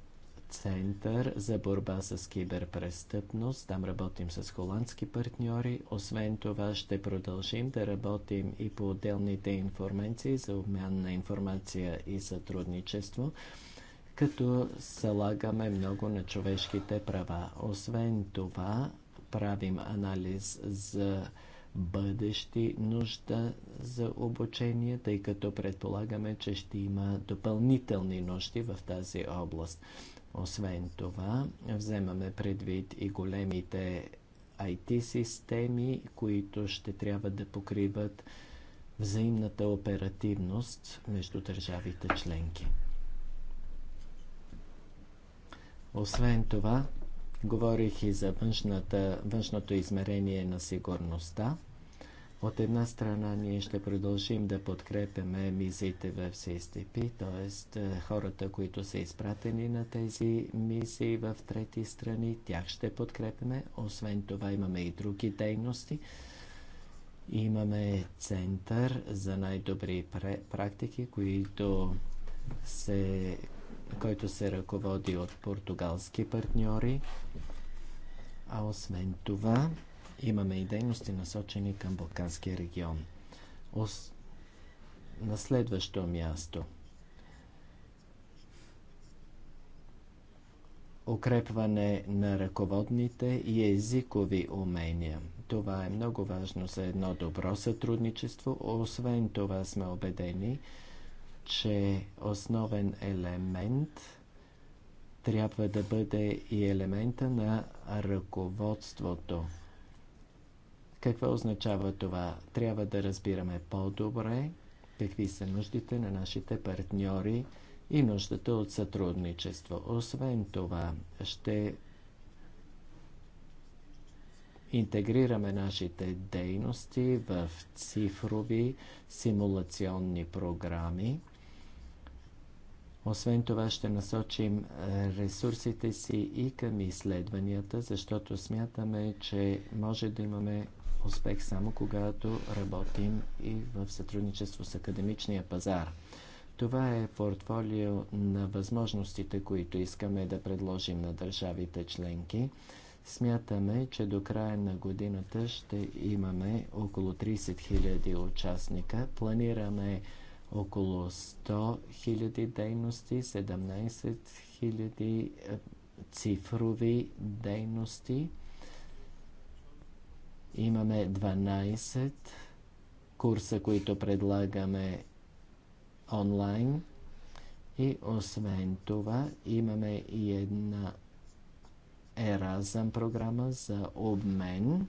център за борба с киберпрестъпност. Там работим с холандски партньори. Освен това ще продължим да работим и по отделните информации за обмен на информация и сътрудничество, като залагаме много на човешките права. Освен това правим анализ за бъдещи нужда за обучение, тъй като предполагаме, че ще има допълнителни нужди в тази област. Освен това, вземаме предвид и големите IT-системи, които ще трябва да покриват взаимната оперативност между държавите членки. Освен това, говорих и за външната, външното измерение на сигурността – от една страна ние ще продължим да подкрепяме мисиите в CSTP, т.е. хората, които са изпратени на тези мисии в трети страни, тях ще подкрепяме. Освен това имаме и други дейности. Имаме център за най-добри практики, които се, който се ръководи от португалски партньори. А освен това, Имаме и дейности насочени към Балканския регион. Ос... На следващо място. Укрепване на ръководните и езикови умения. Това е много важно за едно добро сътрудничество. Освен това сме убедени, че основен елемент трябва да бъде и елемента на ръководството. Какво означава това? Трябва да разбираме по-добре какви са нуждите на нашите партньори и нуждата от сътрудничество. Освен това, ще интегрираме нашите дейности в цифрови симулационни програми. Освен това ще насочим ресурсите си и към изследванията, защото смятаме, че може да имаме успех само когато работим и в сътрудничество с академичния пазар. Това е портфолио на възможностите, които искаме да предложим на държавите членки. Смятаме, че до края на годината ще имаме около 30 000 участника. Планираме около 100 000 дейности, 17 000 е, цифрови дейности – Имаме 12 курса, които предлагаме онлайн. И освен това имаме и една Еразъм програма за обмен,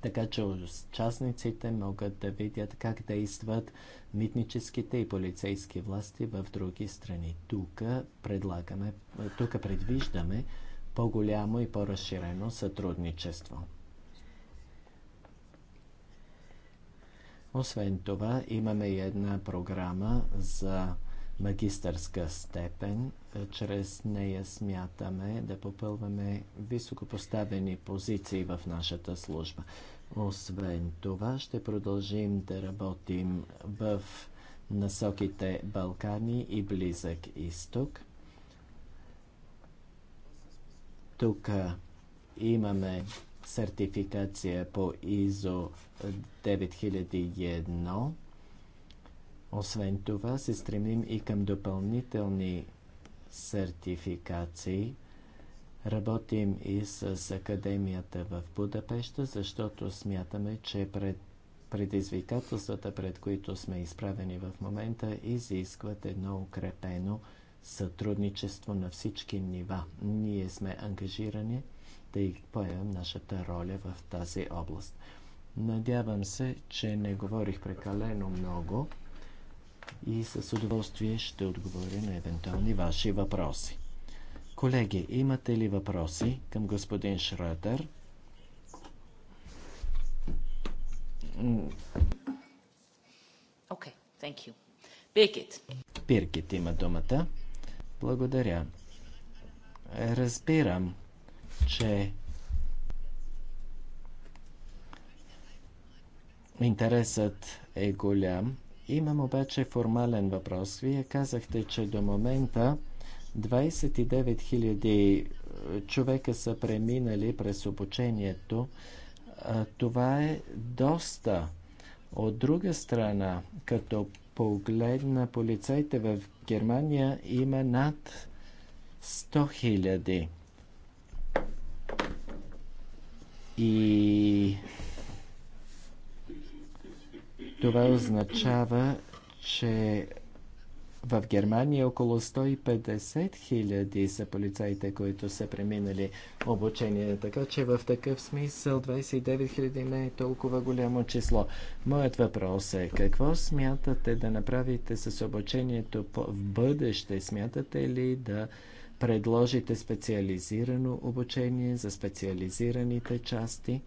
така че участниците могат да видят как действат митническите и полицейски власти в други страни. Тук предлагаме, тук предвиждаме по-голямо и по-разширено сътрудничество. Освен това, имаме и една програма за магистърска степен. Е, чрез нея смятаме да попълваме високопоставени позиции в нашата служба. Освен това, ще продължим да работим в насоките Балкани и Близък изток. Тук имаме сертификация по Изо 9001. Освен това, се стремим и към допълнителни сертификации. Работим и с Академията в Будапешта, защото смятаме, че пред предизвикателствата, пред които сме изправени в момента, изискват едно укрепено сътрудничество на всички нива. Ние сме ангажирани да поемем нашата роля в тази област. Надявам се, че не говорих прекалено много и с удоволствие ще отговоря на евентуални ваши въпроси. Колеги, имате ли въпроси към господин Окей, Okay, Биркит. Биркит има думата. Благодаря. Разбирам че интересът е голям. Имам обаче формален въпрос. Вие казахте, че до момента 29 000 е, човека са преминали през обучението. Това е доста. От друга страна, като погледна полицайите в Германия, има над 100 000. И това означава, че в Германия около 150 хиляди са полицаите, които са преминали обучение. Така че в такъв смисъл 29 хиляди не е толкова голямо число. Моят въпрос е, какво смятате да направите с обучението в бъдеще? Смятате ли да предложите специализирано обучение за специализираните части.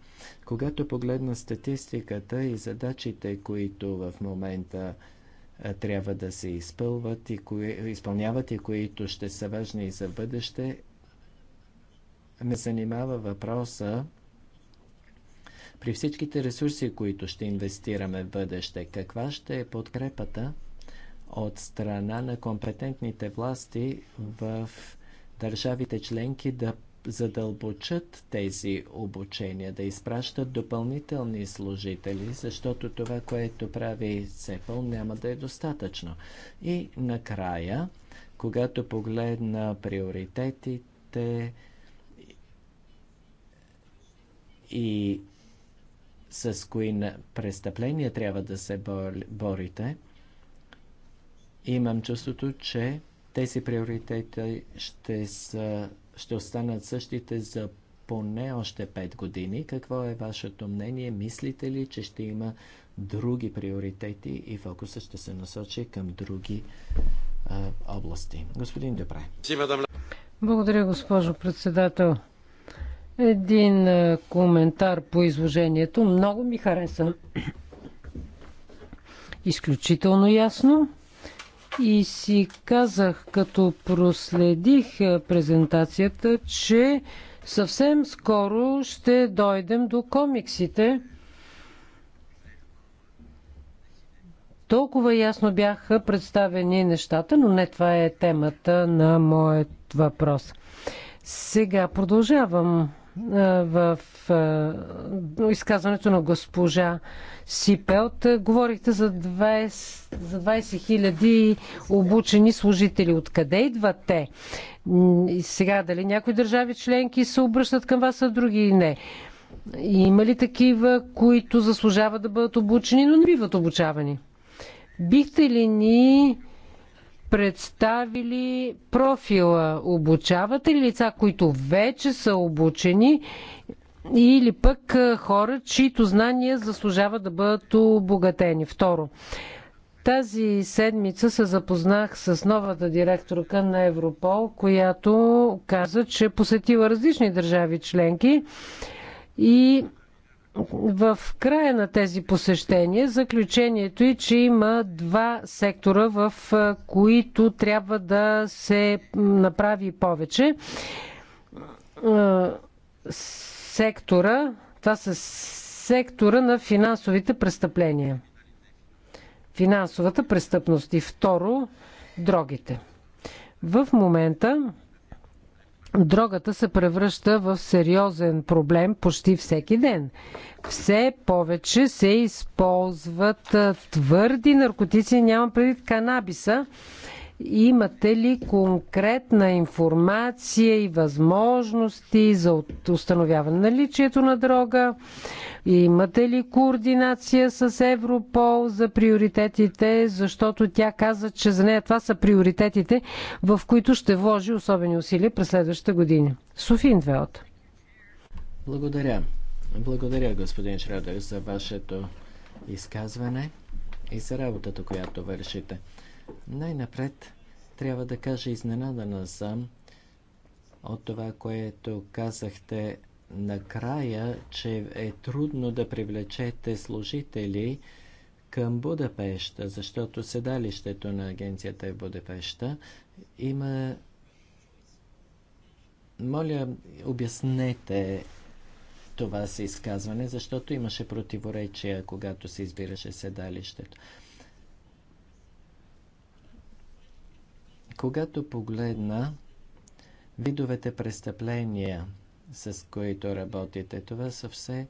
Когато погледна статистиката и задачите, които в момента трябва да се изпълват и кои, изпълняват и които ще са важни и за бъдеще, ме занимава въпроса при всичките ресурси, които ще инвестираме в бъдеще, каква ще е подкрепата от страна на компетентните власти в държавите членки да задълбочат тези обучения, да изпращат допълнителни служители, защото това, което прави ЦЕПОЛ, няма да е достатъчно. И накрая, когато погледна приоритетите и с кои престъпления трябва да се борите, имам чувството, че тези приоритети ще, са, ще останат същите за поне още 5 години. Какво е вашето мнение? Мислите ли, че ще има други приоритети и фокуса ще се насочи към други а, области? Господин Добре. Благодаря, госпожо председател. Един коментар по изложението. Много ми хареса. Изключително ясно. И си казах, като проследих е, презентацията, че съвсем скоро ще дойдем до комиксите. Толкова ясно бяха представени нещата, но не това е темата на моят въпрос. Сега продължавам в изказването на госпожа Сипелт. Говорихте за 20, за 20 хиляди обучени служители. Откъде идват те? И сега дали някои държави членки се обръщат към вас, а други не? Има ли такива, които заслужават да бъдат обучени, но не биват обучавани? Бихте ли ни представили профила? Обучавате ли лица, които вече са обучени или пък хора, чието знания заслужават да бъдат обогатени? Второ, тази седмица се запознах с новата директорка на Европол, която каза, че посетила различни държави членки и в края на тези посещения заключението е, че има два сектора, в които трябва да се направи повече. Сектора, това са сектора на финансовите престъпления. Финансовата престъпност и второ, дрогите. В момента дрогата се превръща в сериозен проблем почти всеки ден. Все повече се използват твърди наркотици, нямам предвид канабиса, Имате ли конкретна информация и възможности за установяване на наличието на дрога? Имате ли координация с Европол за приоритетите? Защото тя каза, че за нея това са приоритетите, в които ще вложи особени усилия през следващата година? Софин Двеот. Благодаря. Благодаря, господин Шредер, за вашето изказване и за работата, която вършите. Най-напред трябва да кажа изненадана съм от това, което казахте накрая, че е трудно да привлечете служители към Будапешта, защото седалището на агенцията е в Будапешта. Има... Моля, обяснете това си изказване, защото имаше противоречия, когато се избираше седалището. Когато погледна видовете престъпления, с които работите, това са все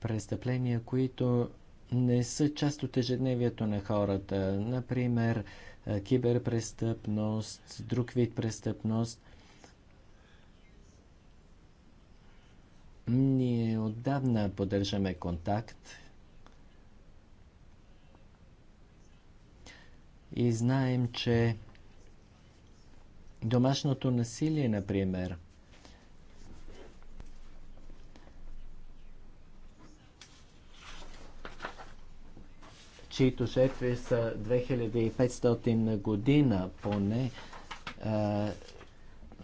престъпления, които не са част от ежедневието на хората. Например, е, киберпрестъпност, друг вид престъпност. Ние отдавна поддържаме контакт И знаем, че домашното насилие, например, чието жертви са 2500 на година, поне. А,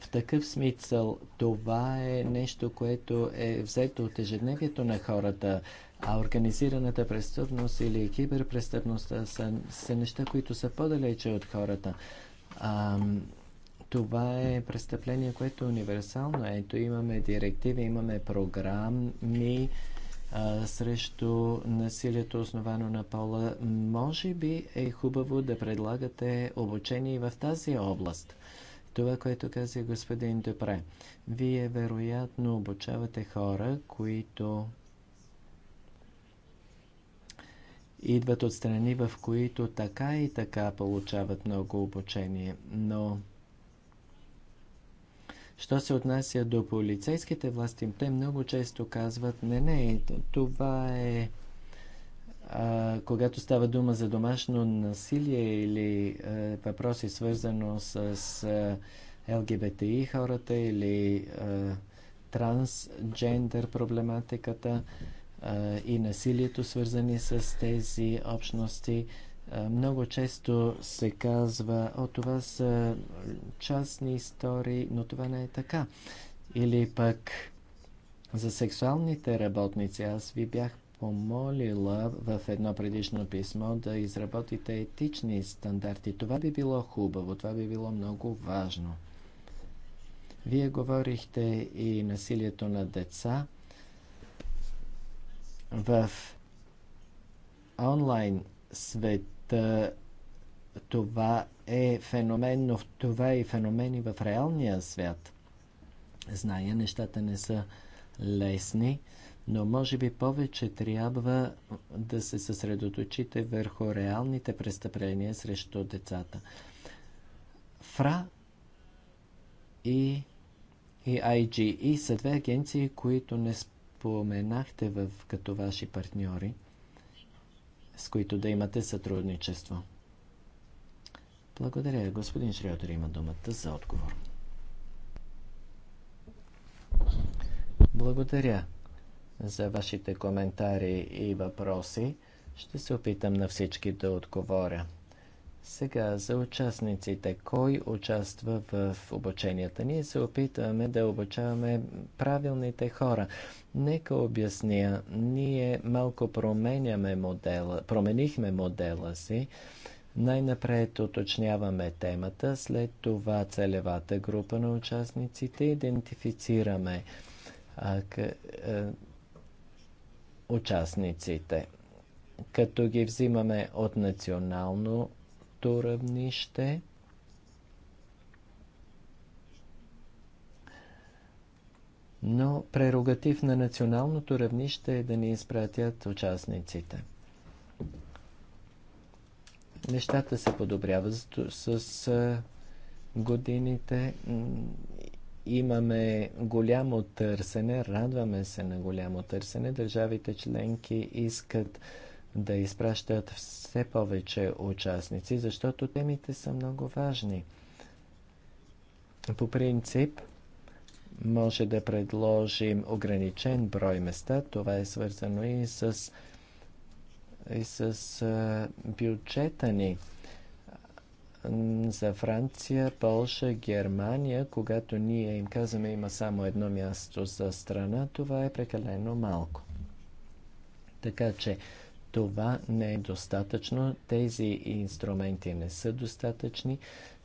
в такъв смисъл това е нещо, което е взето от ежедневието на хората. А организираната престъпност или киберпрестъпността са, са неща, които са по-далече от хората. А, това е престъпление, което е универсално. Ето имаме директиви, имаме програми а, срещу насилието основано на пола. Може би е хубаво да предлагате обучение в тази област. Това, което каза господин Депре. Вие вероятно обучавате хора, които идват от страни, в които така и така получават много обучение. Но Що се отнася до полицейските власти, те много често казват, не, не, това е а, когато става дума за домашно насилие или а, въпроси свързано с а, ЛГБТИ хората или а, трансджендър проблематиката. А, и насилието, свързани с тези общности. Много често се казва, о, това са частни истории, но това не е така. Или пък за сексуалните работници аз ви бях помолила в едно предишно писмо да изработите етични стандарти. Това би било хубаво, това би било много важно. Вие говорихте и насилието на деца. В онлайн света това е феномен, но това е и феномен и в реалния свят. Зная, нещата не са лесни, но може би повече трябва да се съсредоточите върху реалните престъпления срещу децата. ФРА и, и IGE са две агенции, които не спорят споменахте в, като ваши партньори, с които да имате сътрудничество? Благодаря. Господин Шриотер има думата за отговор. Благодаря за вашите коментари и въпроси. Ще се опитам на всички да отговоря. Сега за участниците. Кой участва в обученията? Ние се опитваме да обучаваме правилните хора. Нека обясня, ние малко променяме модела, променихме модела си. Най-напред уточняваме темата, след това целевата група на участниците, идентифицираме а, к, а, е, участниците, като ги взимаме от национално общото равнище. Но прерогатив на националното равнище е да ни изпратят участниците. Нещата се подобряват с, с годините. Имаме голямо търсене, радваме се на голямо търсене. Държавите членки искат да изпращат все повече участници, защото темите са много важни. По принцип, може да предложим ограничен брой места. Това е свързано и с, и с бюджета ни за Франция, Полша, Германия, когато ние им казваме има само едно място за страна, това е прекалено малко. Така че това не е достатъчно. Тези инструменти не са достатъчни.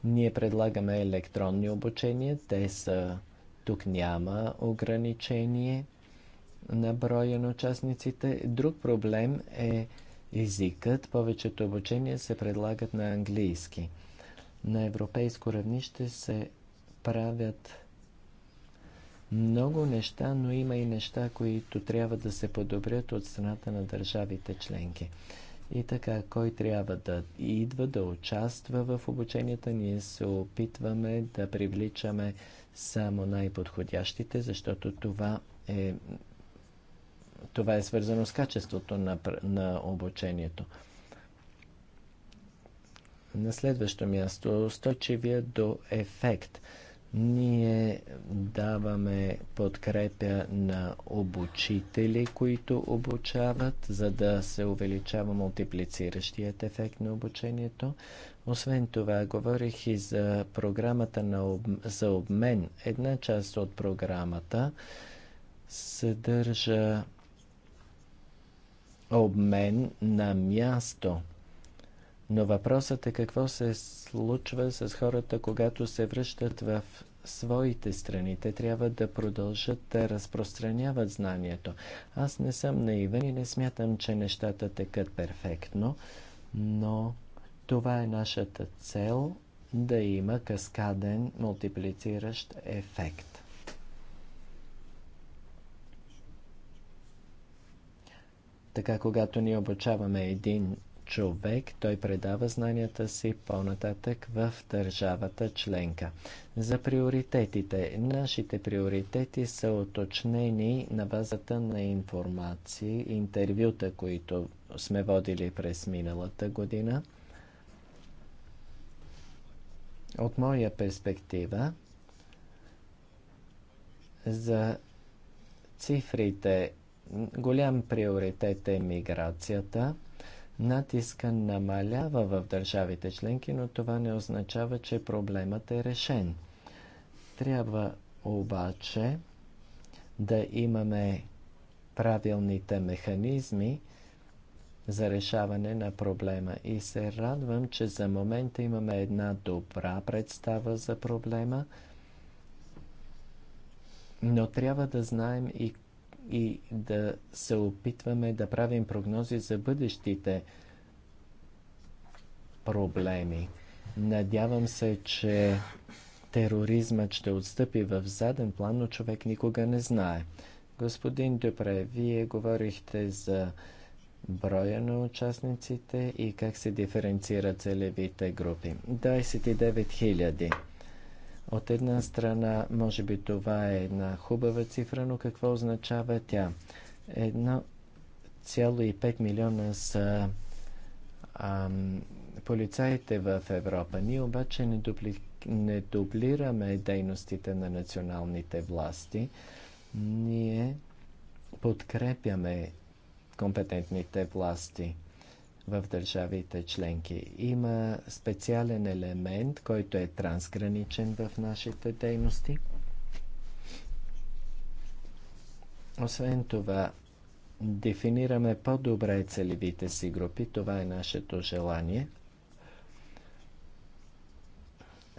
Ние предлагаме електронни обучения. Те са... Тук няма ограничение на броя на участниците. Друг проблем е езикът. Повечето обучения се предлагат на английски. На европейско равнище се правят много неща, но има и неща, които трябва да се подобрят от страната на държавите членки. И така, кой трябва да идва, да участва в обученията, ние се опитваме да привличаме само най-подходящите, защото това е, това е свързано с качеството на, на обучението. На следващо място, устойчивия до ефект – ние даваме подкрепя на обучители, които обучават, за да се увеличава мултиплициращият ефект на обучението. Освен това, говорих и за програмата на об... за обмен. Една част от програмата съдържа обмен на място – но въпросът е какво се случва с хората, когато се връщат в своите страни. Те трябва да продължат да разпространяват знанието. Аз не съм наивен и не смятам, че нещата текат перфектно, но това е нашата цел да има каскаден мултиплициращ ефект. Така, когато ни обучаваме един човек, той предава знанията си по-нататък в държавата членка. За приоритетите. Нашите приоритети са уточнени на базата на информации, интервюта, които сме водили през миналата година. От моя перспектива, за цифрите голям приоритет е миграцията – Натиска намалява в държавите членки, но това не означава, че проблемът е решен. Трябва обаче да имаме правилните механизми за решаване на проблема. И се радвам, че за момента имаме една добра представа за проблема, но трябва да знаем и и да се опитваме да правим прогнози за бъдещите проблеми. Надявам се, че тероризмът ще отстъпи в заден план, но човек никога не знае. Господин Дюпре, вие говорихте за броя на участниците и как се диференцират целевите групи. 29 000. От една страна, може би това е една хубава цифра, но какво означава тя? Едно, 5 милиона са ам, полицаите в Европа. Ние обаче не, дубли, не дублираме дейностите на националните власти. Ние подкрепяме компетентните власти – в държавите членки. Има специален елемент, който е трансграничен в нашите дейности. Освен това, дефинираме по-добре целевите си групи. Това е нашето желание.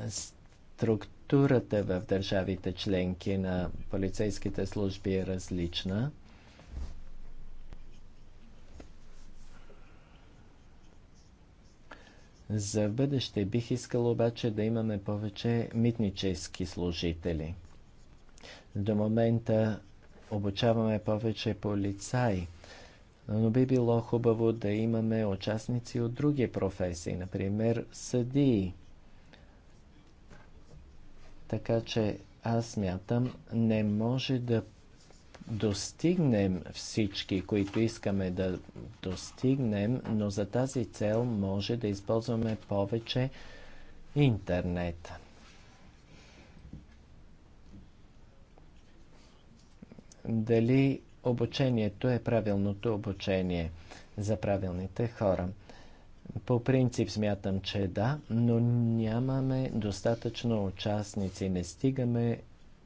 Структурата в държавите членки на полицейските служби е различна – За бъдеще бих искал обаче да имаме повече митнически служители. До момента обучаваме повече полицаи, но би било хубаво да имаме участници от други професии, например съдии. Така че аз мятам, не може да достигнем всички, които искаме да достигнем, но за тази цел може да използваме повече интернет. Дали обучението е правилното обучение за правилните хора? По принцип смятам, че да, но нямаме достатъчно участници, не стигаме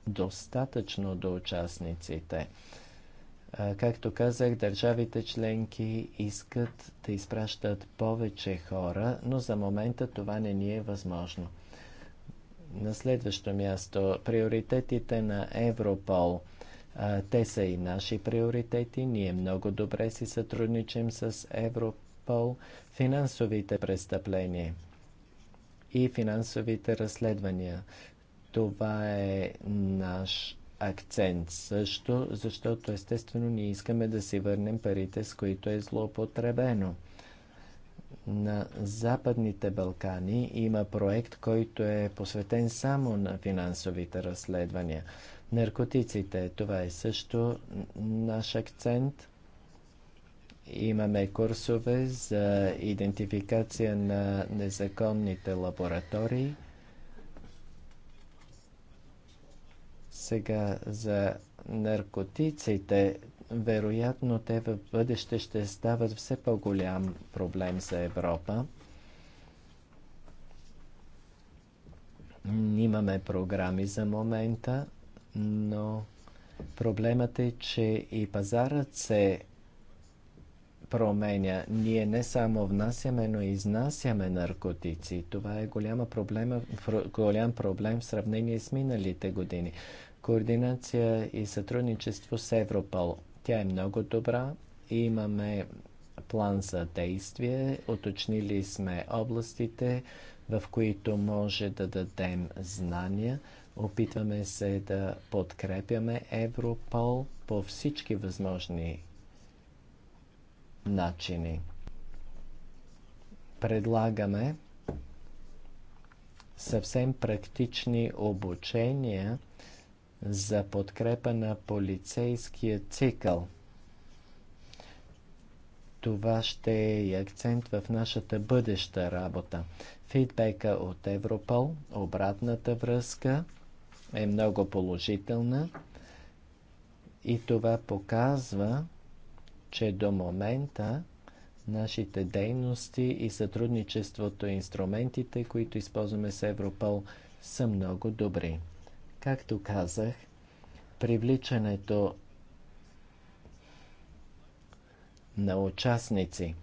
достатъчно до участниците. Както казах, държавите членки искат да изпращат повече хора, но за момента това не ни е възможно. На следващо място, приоритетите на Европол. Те са и наши приоритети. Ние много добре си сътрудничим с Европол. Финансовите престъпления и финансовите разследвания. Това е наш акцент също, защото естествено ние искаме да си върнем парите, с които е злоупотребено. На Западните Балкани има проект, който е посветен само на финансовите разследвания. Наркотиците, това е също наш акцент. Имаме курсове за идентификация на незаконните лаборатории – Сега за наркотиците, вероятно те в бъдеще ще стават все по-голям проблем за Европа. Имаме програми за момента, но проблемът е, че и пазарът се променя. Ние не само внасяме, но и изнасяме наркотици. Това е голяма проблема, голям проблем в сравнение с миналите години координация и сътрудничество с Европол. Тя е много добра и имаме план за действие. Оточнили сме областите, в които може да дадем знания. Опитваме се да подкрепяме Европол по всички възможни начини. Предлагаме съвсем практични обучения – за подкрепа на полицейския цикъл. Това ще е и акцент в нашата бъдеща работа. Фидбека от Европол, обратната връзка е много положителна и това показва, че до момента нашите дейности и сътрудничеството, инструментите, които използваме с Европол, са много добри. Както казах, привличането на участници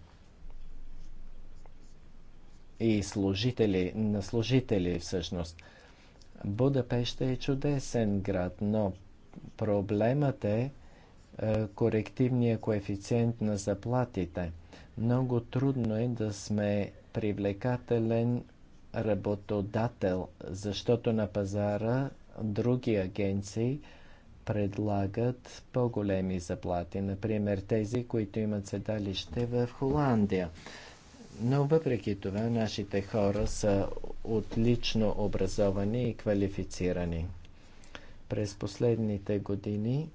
и служители, на служители всъщност. Будапеща е чудесен град, но проблемът е, е корективният коефициент на заплатите. Много трудно е да сме привлекателен работодател, защото на пазара други агенции предлагат по-големи заплати, например тези, които имат седалище в Холандия. Но въпреки това нашите хора са отлично образовани и квалифицирани. През последните години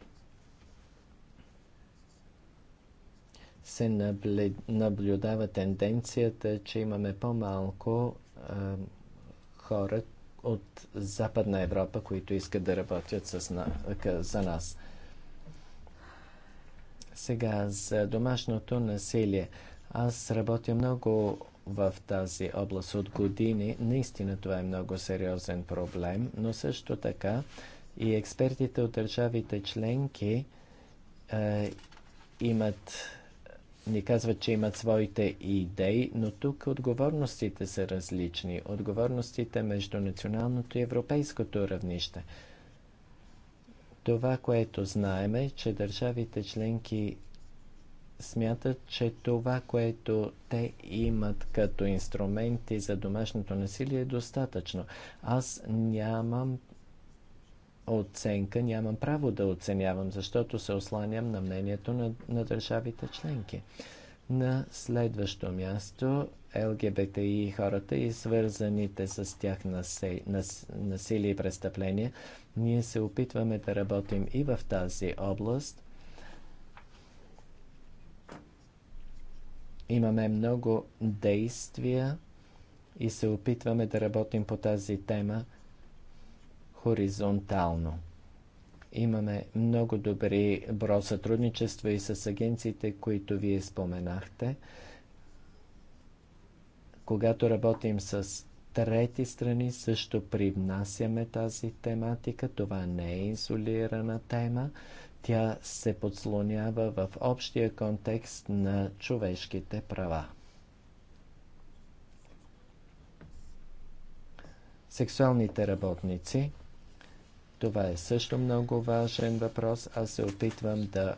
се наблюдава тенденцията, че имаме по-малко хора, от Западна Европа, които искат да работят с на, за нас. Сега за домашното насилие. Аз работя много в тази област от години. Наистина това е много сериозен проблем, но също така и експертите от държавите членки е, имат ни казват, че имат своите идеи, но тук отговорностите са различни. Отговорностите между националното и европейското равнище. Това, което знаем е, че държавите членки смятат, че това, което те имат като инструменти за домашното насилие е достатъчно. Аз нямам оценка нямам право да оценявам, защото се осланям на мнението на, на държавите членки. На следващо място ЛГБТИ хората и свързаните с тях насилие нас, и престъпления. Ние се опитваме да работим и в тази област. Имаме много действия и се опитваме да работим по тази тема – хоризонтално. Имаме много добри бро сътрудничества и с агенциите, които вие споменахте. Когато работим с трети страни, също привнасяме тази тематика. Това не е изолирана тема. Тя се подслонява в общия контекст на човешките права. Сексуалните работници – това е също много важен въпрос. Аз се опитвам да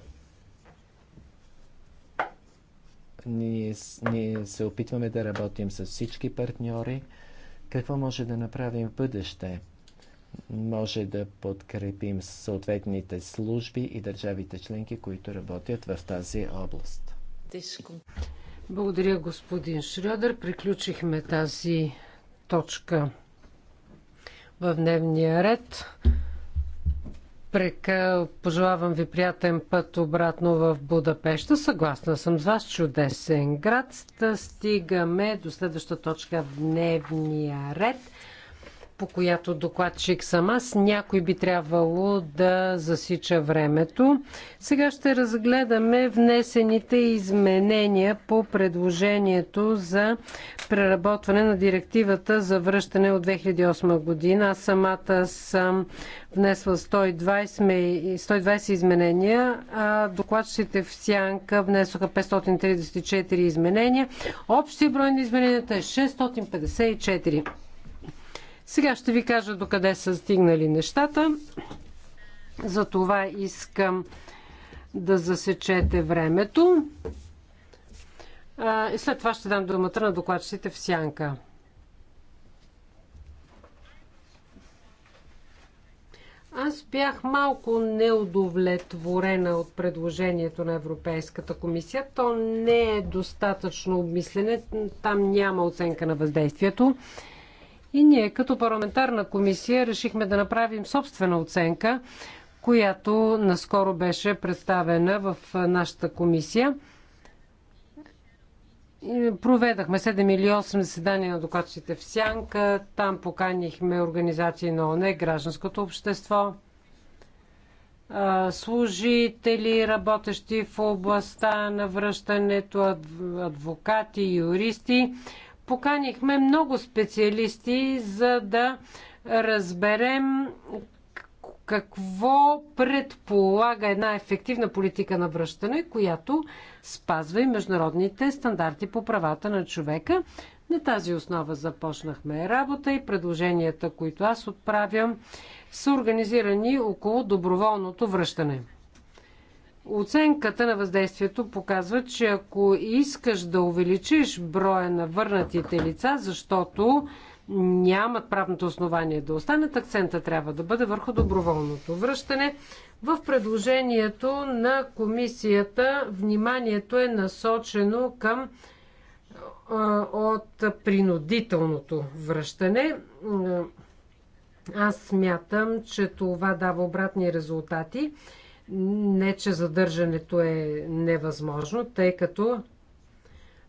ние, ние се опитваме да работим с всички партньори. Какво може да направим в бъдеще? Може да подкрепим съответните служби и държавите членки, които работят в тази област. Благодаря, господин Шрьодер. Приключихме тази точка в дневния ред. Прека, пожелавам ви приятен път обратно в Будапешта. Съгласна съм с вас, чудесен град. Стигаме до следваща точка в дневния ред по която докладчик съм аз. Някой би трябвало да засича времето. Сега ще разгледаме внесените изменения по предложението за преработване на директивата за връщане от 2008 година. Аз самата съм внесла 120, 120 изменения, а докладчите в Сянка внесоха 534 изменения. Общия брой на измененията е 654. Сега ще ви кажа до къде са стигнали нещата. За това искам да засечете времето. И след това ще дам думата на докладчите в сянка. Аз бях малко неудовлетворена от предложението на Европейската комисия. То не е достатъчно обмислене. Там няма оценка на въздействието. И ние като парламентарна комисия решихме да направим собствена оценка, която наскоро беше представена в нашата комисия. Проведахме 7 или 8 заседания на докладчите в Сянка. Там поканихме организации на ОНЕ, гражданското общество, служители, работещи в областта на връщането, адвокати, юристи. Поканихме много специалисти, за да разберем какво предполага една ефективна политика на връщане, която спазва и международните стандарти по правата на човека. На тази основа започнахме работа и предложенията, които аз отправям, са организирани около доброволното връщане. Оценката на въздействието показва, че ако искаш да увеличиш броя на върнатите лица, защото нямат правното основание да останат, акцента трябва да бъде върху доброволното връщане. В предложението на комисията вниманието е насочено към от принудителното връщане. Аз смятам, че това дава обратни резултати не, че задържането е невъзможно, тъй като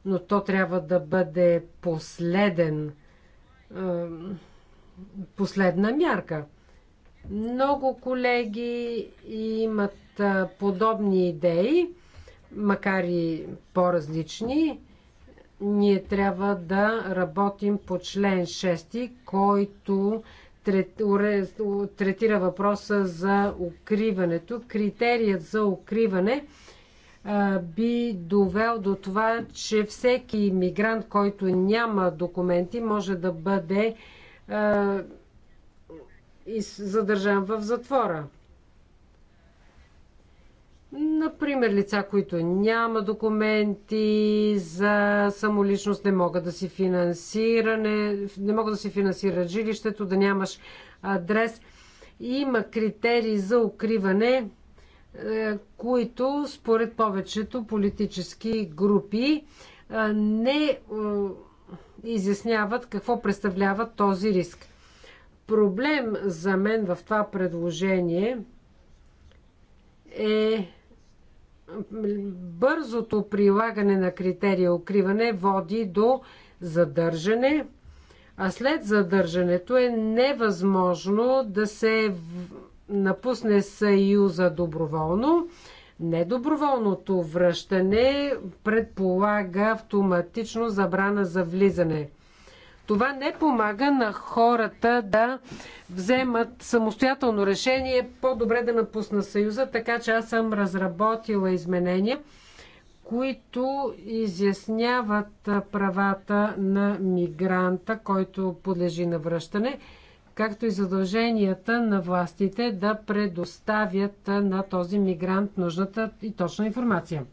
но то трябва да бъде последен, последна мярка. Много колеги имат подобни идеи, макар и по-различни. Ние трябва да работим по член 6, който третира въпроса за укриването. Критерият за укриване би довел до това, че всеки мигрант, който няма документи, може да бъде задържан в затвора. Например, лица, които няма документи за самоличност, не могат да си финансиране, не могат да си финансират жилището, да нямаш адрес. Има критерии за укриване, е, които според повечето политически групи е, не е, изясняват какво представлява този риск. Проблем за мен в това предложение е бързото прилагане на критерия укриване води до задържане, а след задържането е невъзможно да се напусне съюза доброволно. Недоброволното връщане предполага автоматично забрана за влизане – това не помага на хората да вземат самостоятелно решение, по-добре да напусна Съюза, така че аз съм разработила изменения, които изясняват правата на мигранта, който подлежи на връщане, както и задълженията на властите да предоставят на този мигрант нужната и точна информация.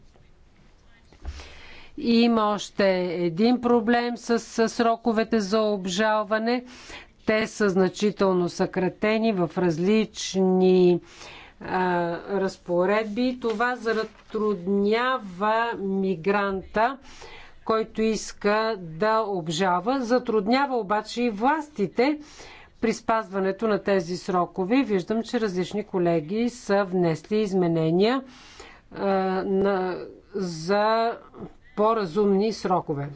Има още един проблем с сроковете за обжалване. Те са значително съкратени в различни а, разпоредби. Това затруднява мигранта, който иска да обжава. Затруднява обаче и властите при спазването на тези срокове. Виждам, че различни колеги са внесли изменения а, на, за по-разумни срокове.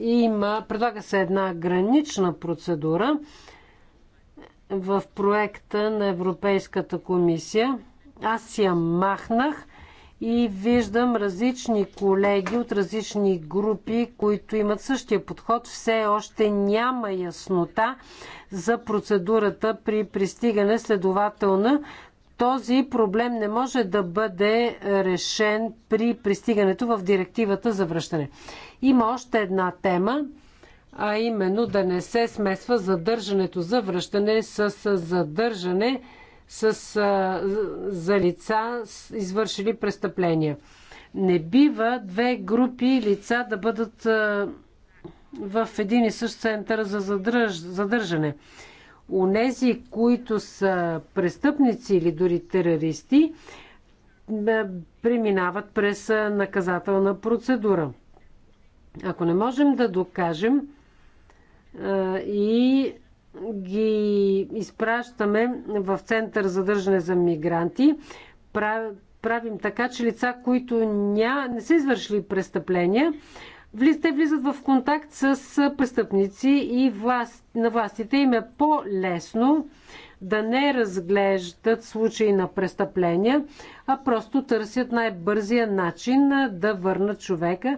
Има, предлага се една гранична процедура в проекта на Европейската комисия. Аз я махнах и виждам различни колеги от различни групи, които имат същия подход. Все още няма яснота за процедурата при пристигане следователна. Този проблем не може да бъде решен при пристигането в директивата за връщане. Има още една тема, а именно да не се смесва задържането за връщане с задържане с, за лица, извършили престъпления. Не бива две групи лица да бъдат в един и същ център за задръж, задържане. Онези, които са престъпници или дори терористи, е, преминават през е, наказателна процедура. Ако не можем да докажем е, и ги изпращаме в Център за държане за мигранти, правим така, че лица, които ня... не са извършили престъпления, те влизат в контакт с престъпници и власт, на властите им е по-лесно да не разглеждат случаи на престъпления, а просто търсят най-бързия начин да върнат човека.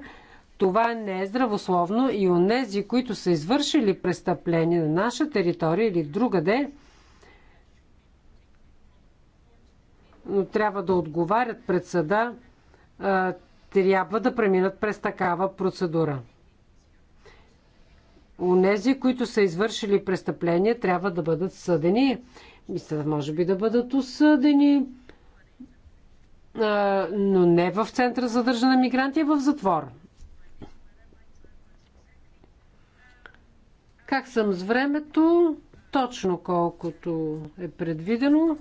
Това не е здравословно и нези, които са извършили престъпления на наша територия или другаде, но трябва да отговарят пред съда трябва да преминат през такава процедура. Унези, които са извършили престъпления, трябва да бъдат съдени. Мисля, може би да бъдат осъдени, но не в центъра за държане на мигранти, а в затвор. Как съм с времето? Точно колкото е предвидено.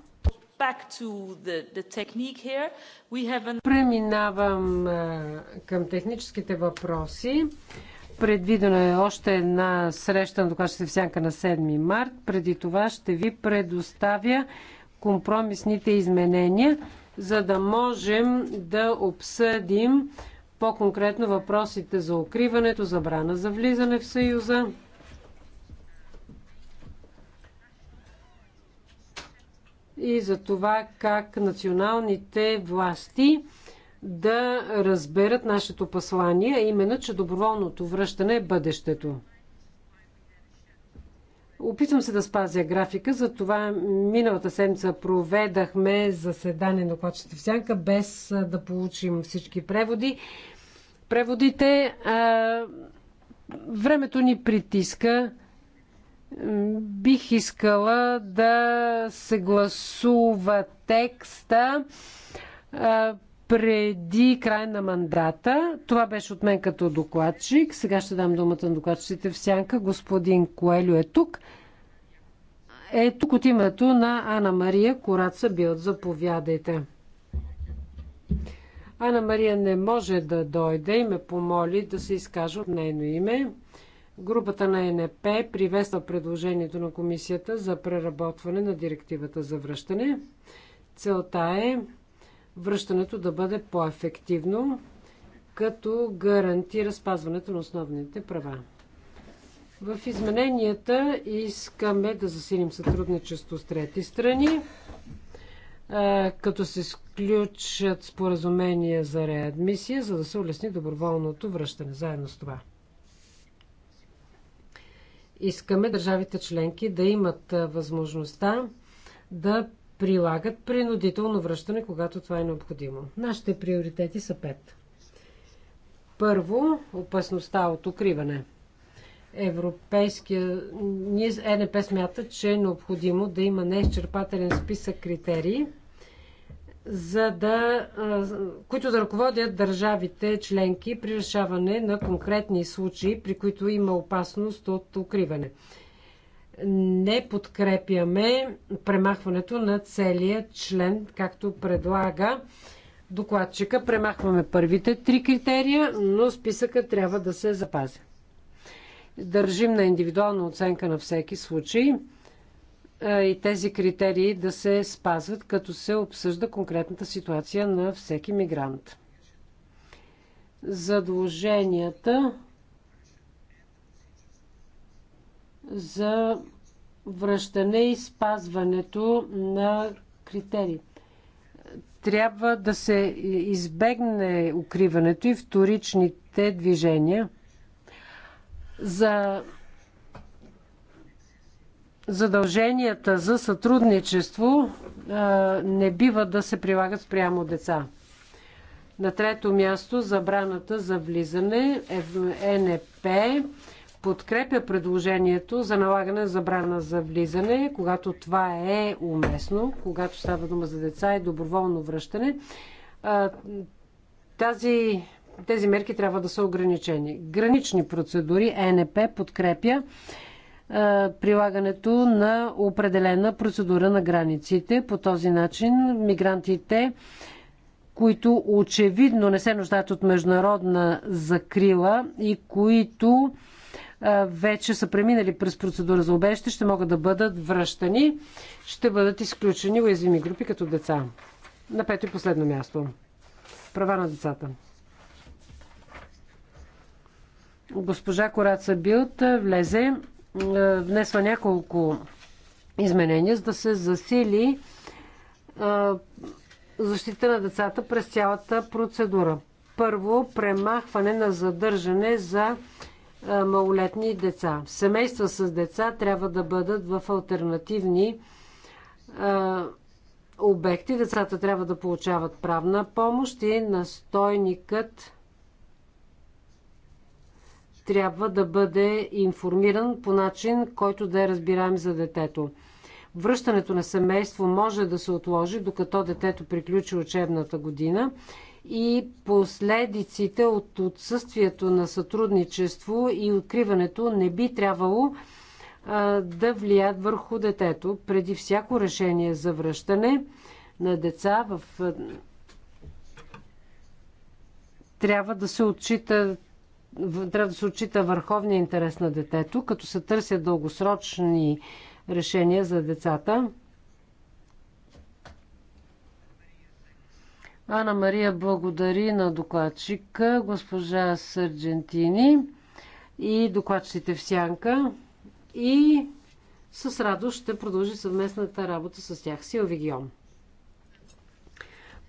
Преминавам към техническите въпроси. Предвидено е още една среща на докладчите в сянка на 7 март. Преди това ще ви предоставя компромисните изменения, за да можем да обсъдим по-конкретно въпросите за укриването, забрана за влизане в Съюза, и за това как националните власти да разберат нашето послание, именно, че доброволното връщане е бъдещето. Опитвам се да спазя графика, затова миналата седмица проведахме заседание на Клачета в Сянка, без да получим всички преводи. Преводите, а, времето ни притиска. Бих искала да се гласува текста преди край на мандата. Това беше от мен като докладчик. Сега ще дам думата на докладчиците в сянка. Господин Коелю е тук. Е тук от името на Ана Мария Кораца Билт. Заповядайте. Ана Мария не може да дойде и ме помоли да се изкажа от нейно име. Групата на ЕНП привества предложението на комисията за преработване на директивата за връщане. Целта е връщането да бъде по-ефективно, като гарантира спазването на основните права. В измененията искаме да засилим сътрудничество с трети страни, като се сключат споразумения за реадмисия, за да се улесни доброволното връщане. Заедно с това Искаме държавите членки да имат възможността да прилагат принудително връщане, когато това е необходимо. Нашите приоритети са пет. Първо, опасността от укриване. Европейския... Ние ЕНП смята, че е необходимо да има неизчерпателен списък критерии – за да, които да ръководят държавите членки при решаване на конкретни случаи, при които има опасност от укриване. Не подкрепяме премахването на целия член, както предлага докладчика. Премахваме първите три критерия, но списъка трябва да се запази. Държим на индивидуална оценка на всеки случай. Е, и тези критерии да се спазват, като се обсъжда конкретната ситуация на всеки мигрант. Задълженията за връщане и спазването на критерии. Трябва да се избегне укриването и вторичните движения. За задълженията за сътрудничество не бива да се прилагат спрямо деца. На трето място забраната за влизане ЕНП подкрепя предложението за налагане на забрана за влизане, когато това е уместно, когато става дума за деца и доброволно връщане. Тази, тези мерки трябва да са ограничени. Гранични процедури ЕНП подкрепя е, прилагането на определена процедура на границите. По този начин мигрантите, които очевидно не се нуждаят от международна закрила и които е, вече са преминали през процедура за убежище, ще могат да бъдат връщани, ще бъдат изключени уязвими групи като деца. На пето и последно място. Права на децата. Госпожа Кораца Билт е, влезе е, внесла няколко изменения, за да се засили е, защита на децата през цялата процедура. Първо, премахване на задържане за е, малолетни деца. Семейства с деца трябва да бъдат в альтернативни обекти. Децата трябва да получават правна помощ и настойникът трябва да бъде информиран по начин, който да е разбираем за детето. Връщането на семейство може да се отложи, докато детето приключи учебната година и последиците от отсъствието на сътрудничество и откриването не би трябвало а, да влияят върху детето. Преди всяко решение за връщане на деца в трябва да се отчитат трябва да се отчита върховния интерес на детето, като се търсят дългосрочни решения за децата. Ана Мария благодари на докладчика, госпожа Сърджентини и докладчите в Сянка и с радост ще продължи съвместната работа с тях. Силвигион. Гион.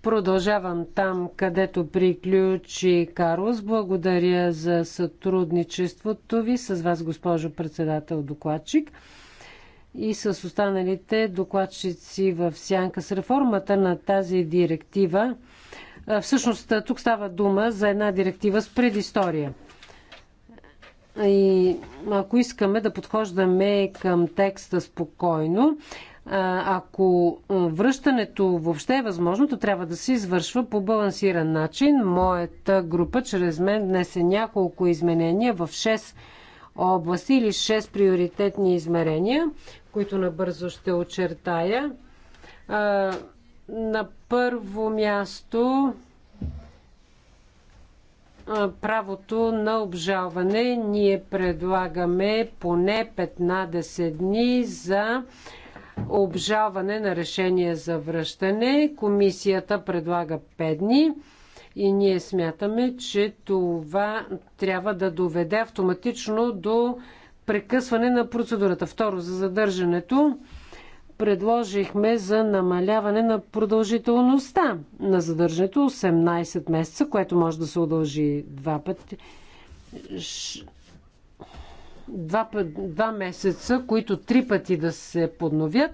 Продължавам там, където приключи Карлос. Благодаря за сътрудничеството ви с вас, госпожо председател докладчик и с останалите докладчици в сянка с реформата на тази директива. Всъщност тук става дума за една директива с предистория. И ако искаме да подхождаме към текста спокойно, ако връщането въобще е възможно, то трябва да се извършва по балансиран начин. Моята група чрез мен внесе няколко изменения в 6 области или 6 приоритетни измерения, които набързо ще очертая. На първо място правото на обжалване. Ние предлагаме поне 15 дни за обжалване на решение за връщане. Комисията предлага 5 дни и ние смятаме, че това трябва да доведе автоматично до прекъсване на процедурата. Второ, за задържането предложихме за намаляване на продължителността на задържането 18 месеца, което може да се удължи два пъти два, два месеца, които три пъти да се подновят.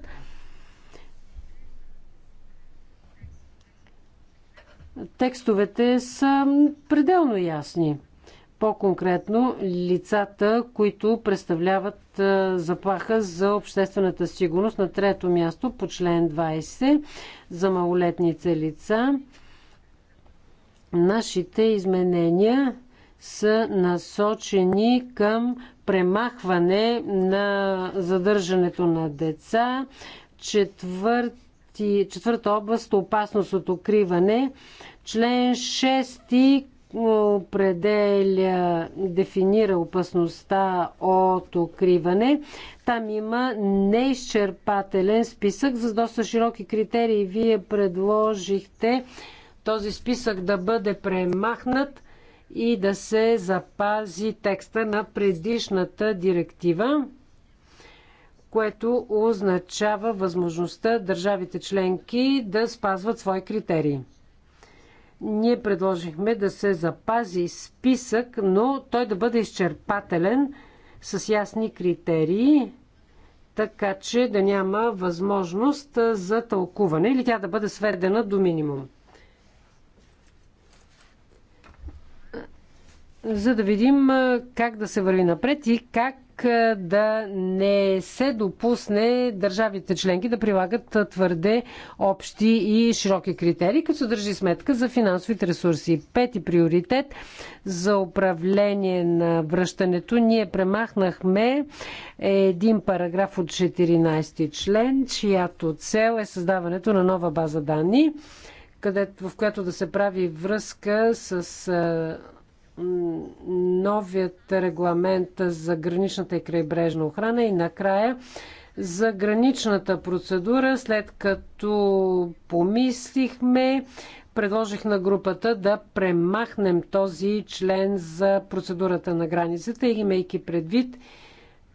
Текстовете са пределно ясни. По-конкретно, лицата, които представляват заплаха за обществената сигурност на трето място по член 20 за малолетните лица. Нашите изменения са насочени към премахване на задържането на деца. Четвърти, четвърта област опасност от укриване. Член 6 е, определя, дефинира опасността от укриване. Там има неизчерпателен списък за доста широки критерии. Вие предложихте този списък да бъде премахнат и да се запази текста на предишната директива, което означава възможността държавите членки да спазват свои критерии. Ние предложихме да се запази списък, но той да бъде изчерпателен с ясни критерии, така че да няма възможност за тълкуване или тя да бъде сведена до минимум. за да видим как да се върви напред и как да не се допусне държавите членки да прилагат твърде общи и широки критерии, като се държи сметка за финансовите ресурси. Пети приоритет за управление на връщането. Ние премахнахме един параграф от 14 член, чиято цел е създаването на нова база данни, в която да се прави връзка с новият регламент за граничната и крайбрежна охрана и накрая за граничната процедура, след като помислихме, предложих на групата да премахнем този член за процедурата на границата, имайки предвид,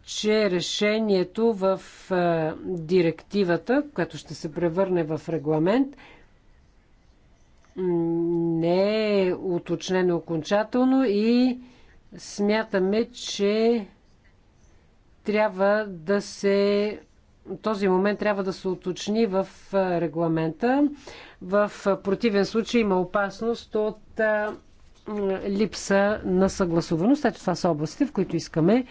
че решението в е, директивата, което ще се превърне в регламент, не е уточнено окончателно и смятаме, че трябва да се този момент трябва да се уточни в регламента. В противен случай има опасност от липса на съгласуваност. Ето това са областите, в които искаме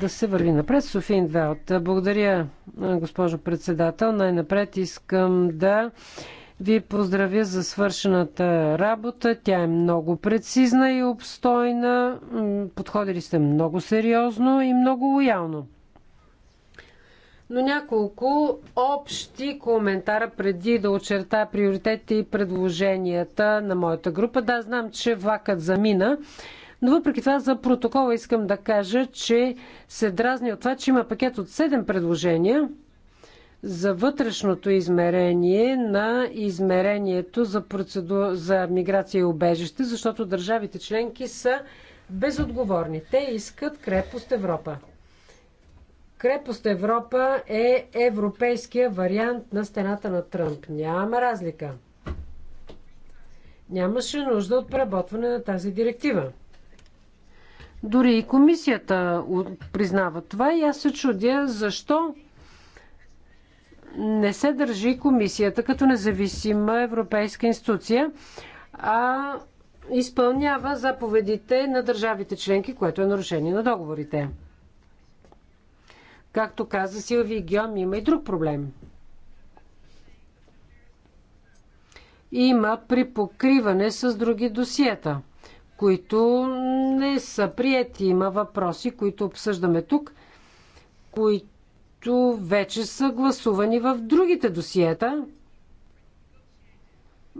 да се върви напред. Софин Велт. Благодаря, госпожо председател. Най-напред искам да ви поздравя за свършената работа. Тя е много прецизна и обстойна. Подходили сте много сериозно и много лоялно. Но няколко общи коментара преди да очерта приоритетите и предложенията на моята група. Да, знам, че влакът замина. Но въпреки това за протокола искам да кажа, че се дразни от това, че има пакет от 7 предложения – за вътрешното измерение на измерението за, процеду... за миграция и убежище, защото държавите членки са безотговорни. Те искат крепост Европа. Крепост Европа е европейския вариант на стената на Тръмп. Няма разлика. Нямаше нужда от преработване на тази директива. Дори и комисията признава това и аз се чудя защо не се държи комисията като независима европейска институция, а изпълнява заповедите на държавите членки, което е нарушение на договорите. Както каза Силви Геом, има и друг проблем. Има припокриване с други досиета, които не са прияти. Има въпроси, които обсъждаме тук, които които вече са гласувани в другите досиета.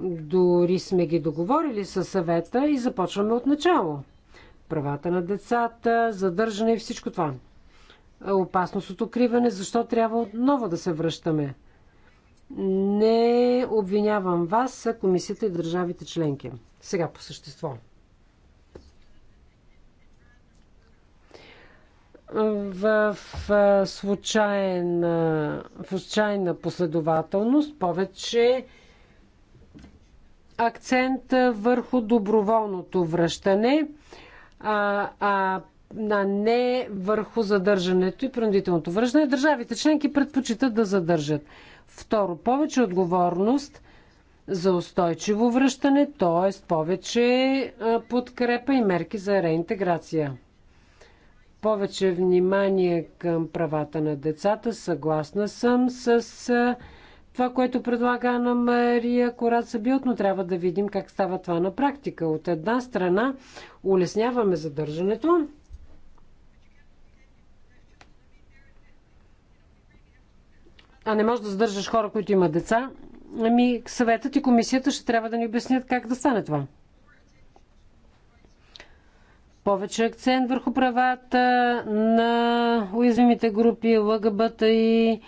Дори сме ги договорили със съвета и започваме от начало. Правата на децата, задържане и всичко това. Опасност от укриване, защо трябва отново да се връщаме? Не обвинявам вас, комисията и държавите членки. Сега по същество. в случайна, в случайна последователност, повече акцент върху доброволното връщане, а, а а не върху задържането и принудителното връщане. Държавите членки предпочитат да задържат. Второ, повече отговорност за устойчиво връщане, т.е. повече подкрепа и мерки за реинтеграция повече внимание към правата на децата. Съгласна съм с това, което предлага Анна Мария Кораца Билт, но трябва да видим как става това на практика. От една страна улесняваме задържането, а не можеш да задържаш хора, които имат деца. Ами съветът и комисията ще трябва да ни обяснят как да стане това повече акцент върху правата на уязвимите групи ЛГБТ и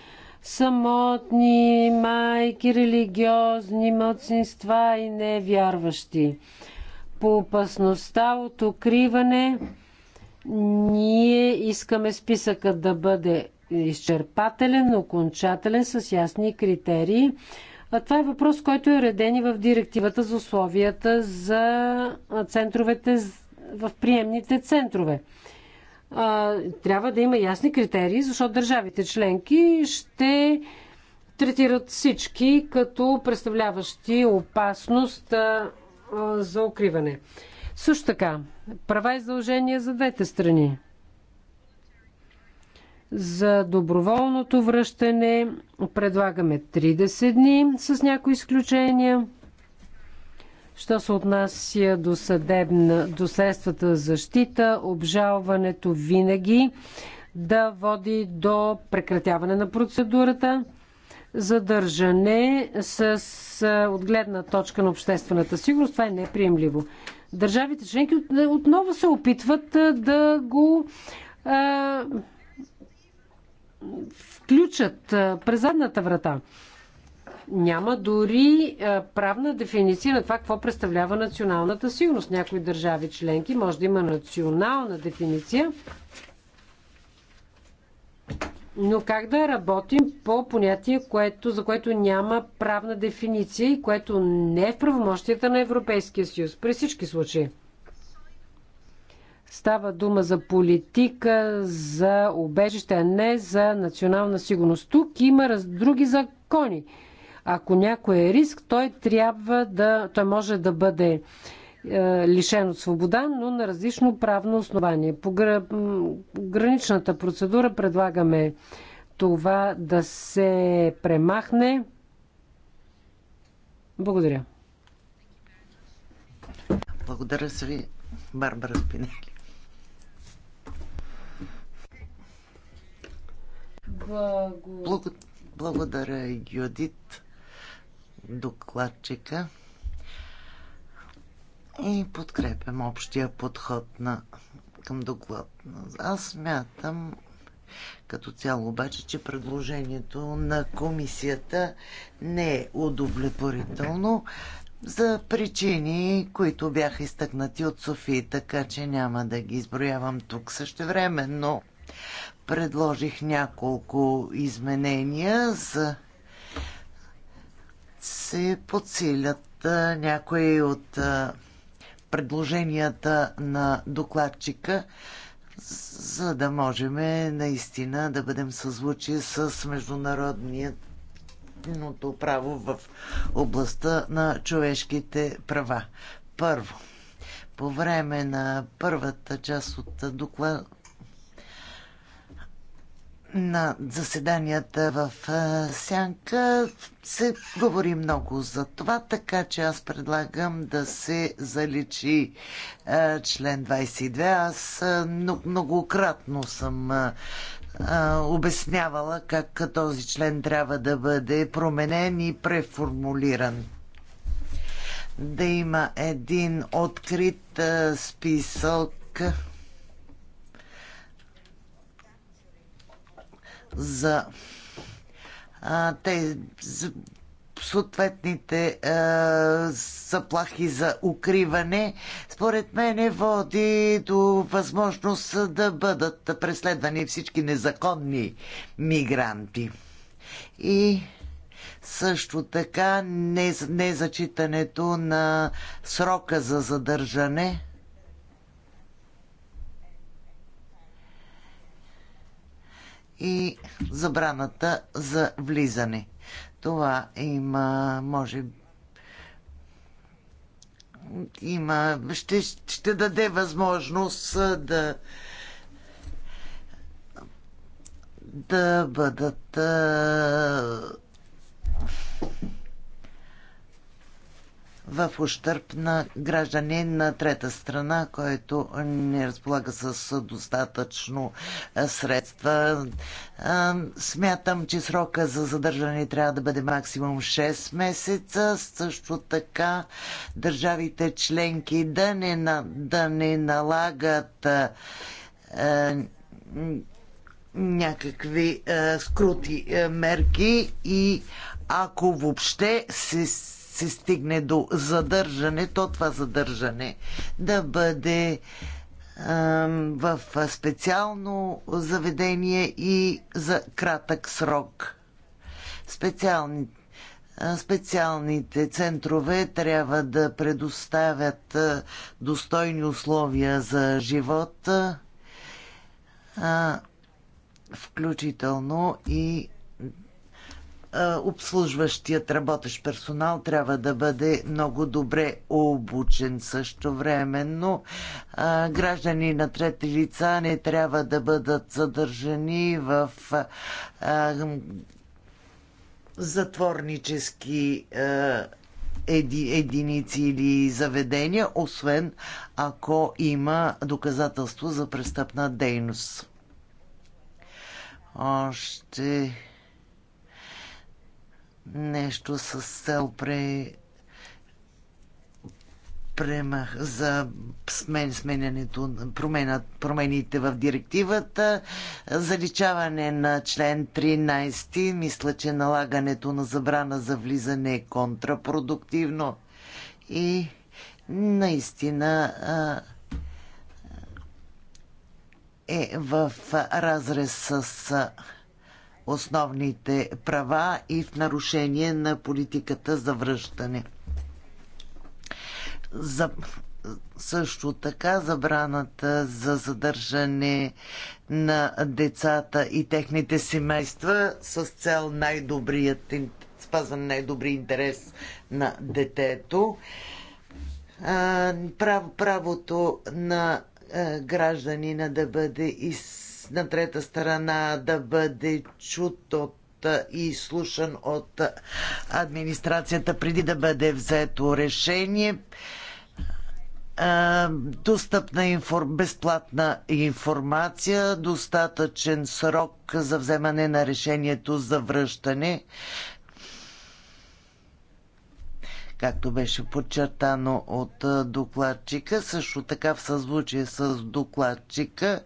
самотни майки, религиозни мълцинства и невярващи. По опасността от укриване ние искаме списъка да бъде изчерпателен, окончателен, с ясни критерии. А това е въпрос, който е реден и в директивата за условията за центровете за в приемните центрове. Трябва да има ясни критерии, защото държавите членки ще третират всички като представляващи опасност за укриване. Също така, права и задължения за двете страни. За доброволното връщане предлагаме 30 дни с някои изключения. Що се отнася до, съдебна, до средствата за защита, обжалването винаги да води до прекратяване на процедурата, задържане с отгледна точка на обществената сигурност. Това е неприемливо. Държавите членки отново се опитват да го а, включат през задната врата. Няма дори е, правна дефиниция на това какво представлява националната сигурност. Някои държави членки може да има национална дефиниция, но как да работим по понятие, което, за което няма правна дефиниция и което не е в правомощията на Европейския съюз при всички случаи? Става дума за политика, за убежище, а не за национална сигурност. Тук има раз... други закони. Ако някой е риск, той трябва да, той може да бъде е, лишен от свобода, но на различно правно основание. По граничната процедура предлагаме това да се премахне. Благодаря. Благодаря се ви, Барбара Спинели. Благо... Благодаря, Юдит докладчика и подкрепям общия подход на, към доклад. Аз смятам като цяло обаче, че предложението на комисията не е удовлетворително за причини, които бяха изтъкнати от Софи, така че няма да ги изброявам тук също време, но предложих няколко изменения за се подсилят някои от предложенията на докладчика, за да можем наистина да бъдем съзвучи с международното право в областта на човешките права. Първо, по време на първата част от доклад, на заседанията в Сянка се говори много за това, така че аз предлагам да се заличи член 22. Аз многократно съм обяснявала как този член трябва да бъде променен и преформулиран. Да има един открит списък за, а, те, за съответните а, заплахи за укриване, според мен води до възможност да бъдат преследвани всички незаконни мигранти. И също така незачитането не на срока за задържане и забраната за влизане. Това има, може има, ще, ще даде възможност да да бъдат в ущърп на гражданин на трета страна, който не разполага с достатъчно е, средства. Е, смятам, че срока за задържане трябва да бъде максимум 6 месеца. Също така държавите членки да не, да не налагат е, някакви е, скрути е, мерки и ако въобще се се стигне до задържане, то това задържане да бъде в специално заведение и за кратък срок. Специални, специалните центрове трябва да предоставят достойни условия за живот, включително и обслужващият работещ персонал трябва да бъде много добре обучен също време, но граждани на трети лица не трябва да бъдат задържани в затворнически еди, единици или заведения, освен ако има доказателство за престъпна дейност. Още нещо с цел пре премах за смен, сменянето, промена, промените в директивата, заличаване на член 13. Мисля, че налагането на забрана за влизане е контрапродуктивно и наистина е в разрез с основните права и в нарушение на политиката за връщане. За, също така забраната за задържане на децата и техните семейства с цел най-добрият спазан най-добри интерес на детето. Прав, правото на гражданина да бъде из на трета страна да бъде чут от и слушан от администрацията преди да бъде взето решение. Достъпна инфор... безплатна информация, достатъчен срок за вземане на решението за връщане. Както беше подчертано от докладчика, също така в съзвучие с докладчика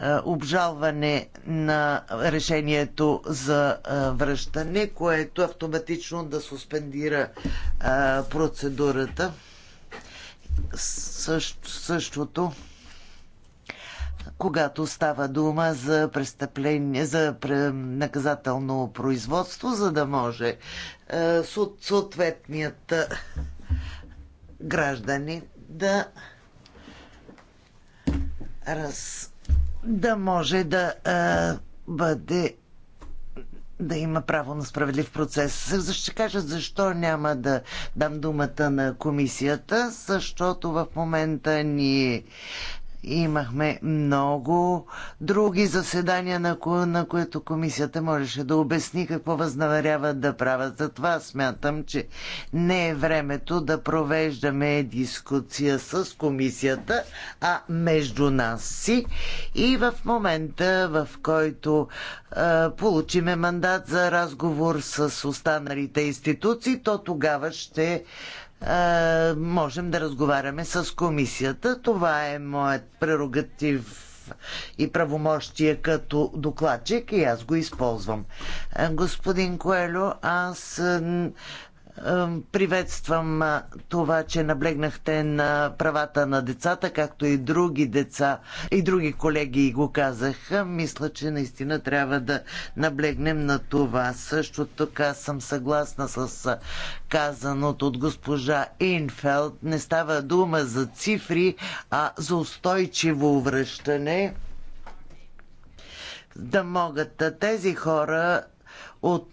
е, обжалване на решението за е, връщане, което автоматично да суспендира е, процедурата. Също, същото когато става дума за престъпление, за наказателно производство, за да може съответният граждани да раз, да може да а, бъде да има право на справедлив процес. Ще кажа защо няма да дам думата на комисията, защото в момента ни Имахме много други заседания, на, ко- на които комисията можеше да обясни какво възнамеряват да правят. Затова смятам, че не е времето да провеждаме дискусия с комисията, а между нас си. И в момента, в който е, получиме мандат за разговор с останалите институции, то тогава ще е, можем да разговаряме с комисията. Това е моят прерогатив и правомощия като докладчик и аз го използвам. Е, господин Коелю, аз Приветствам това, че наблегнахте на правата на децата, както и други деца и други колеги го казаха. Мисля, че наистина трябва да наблегнем на това. Също така съм съгласна с казаното от госпожа Инфелд. Не става дума за цифри, а за устойчиво връщане. Да могат тези хора от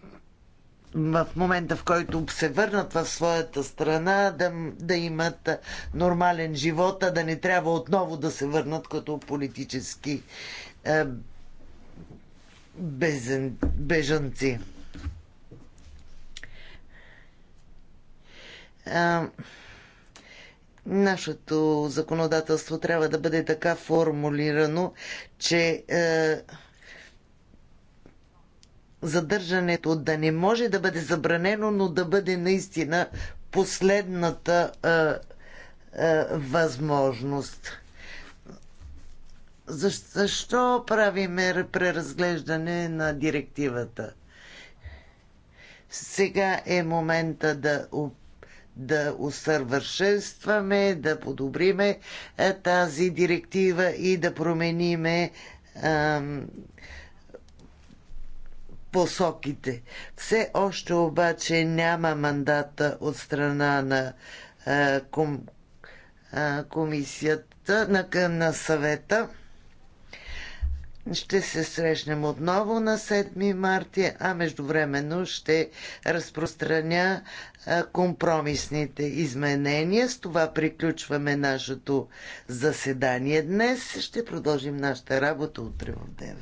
в момента, в който се върнат в своята страна, да, да имат нормален живот, а да не трябва отново да се върнат като политически е, безен, бежанци. Е, нашето законодателство трябва да бъде така формулирано, че е, задържането да не може да бъде забранено, но да бъде наистина последната а, а, възможност. Защо, защо правиме преразглеждане на директивата? Сега е момента да да усъвършенстваме, да подобриме тази директива и да промениме посоките. Все още обаче няма мандата от страна на а, е, ком, а, е, комисията, на, на съвета. Ще се срещнем отново на 7 марта, а междувременно ще разпространя е, компромисните изменения. С това приключваме нашето заседание днес. Ще продължим нашата работа утре в 9.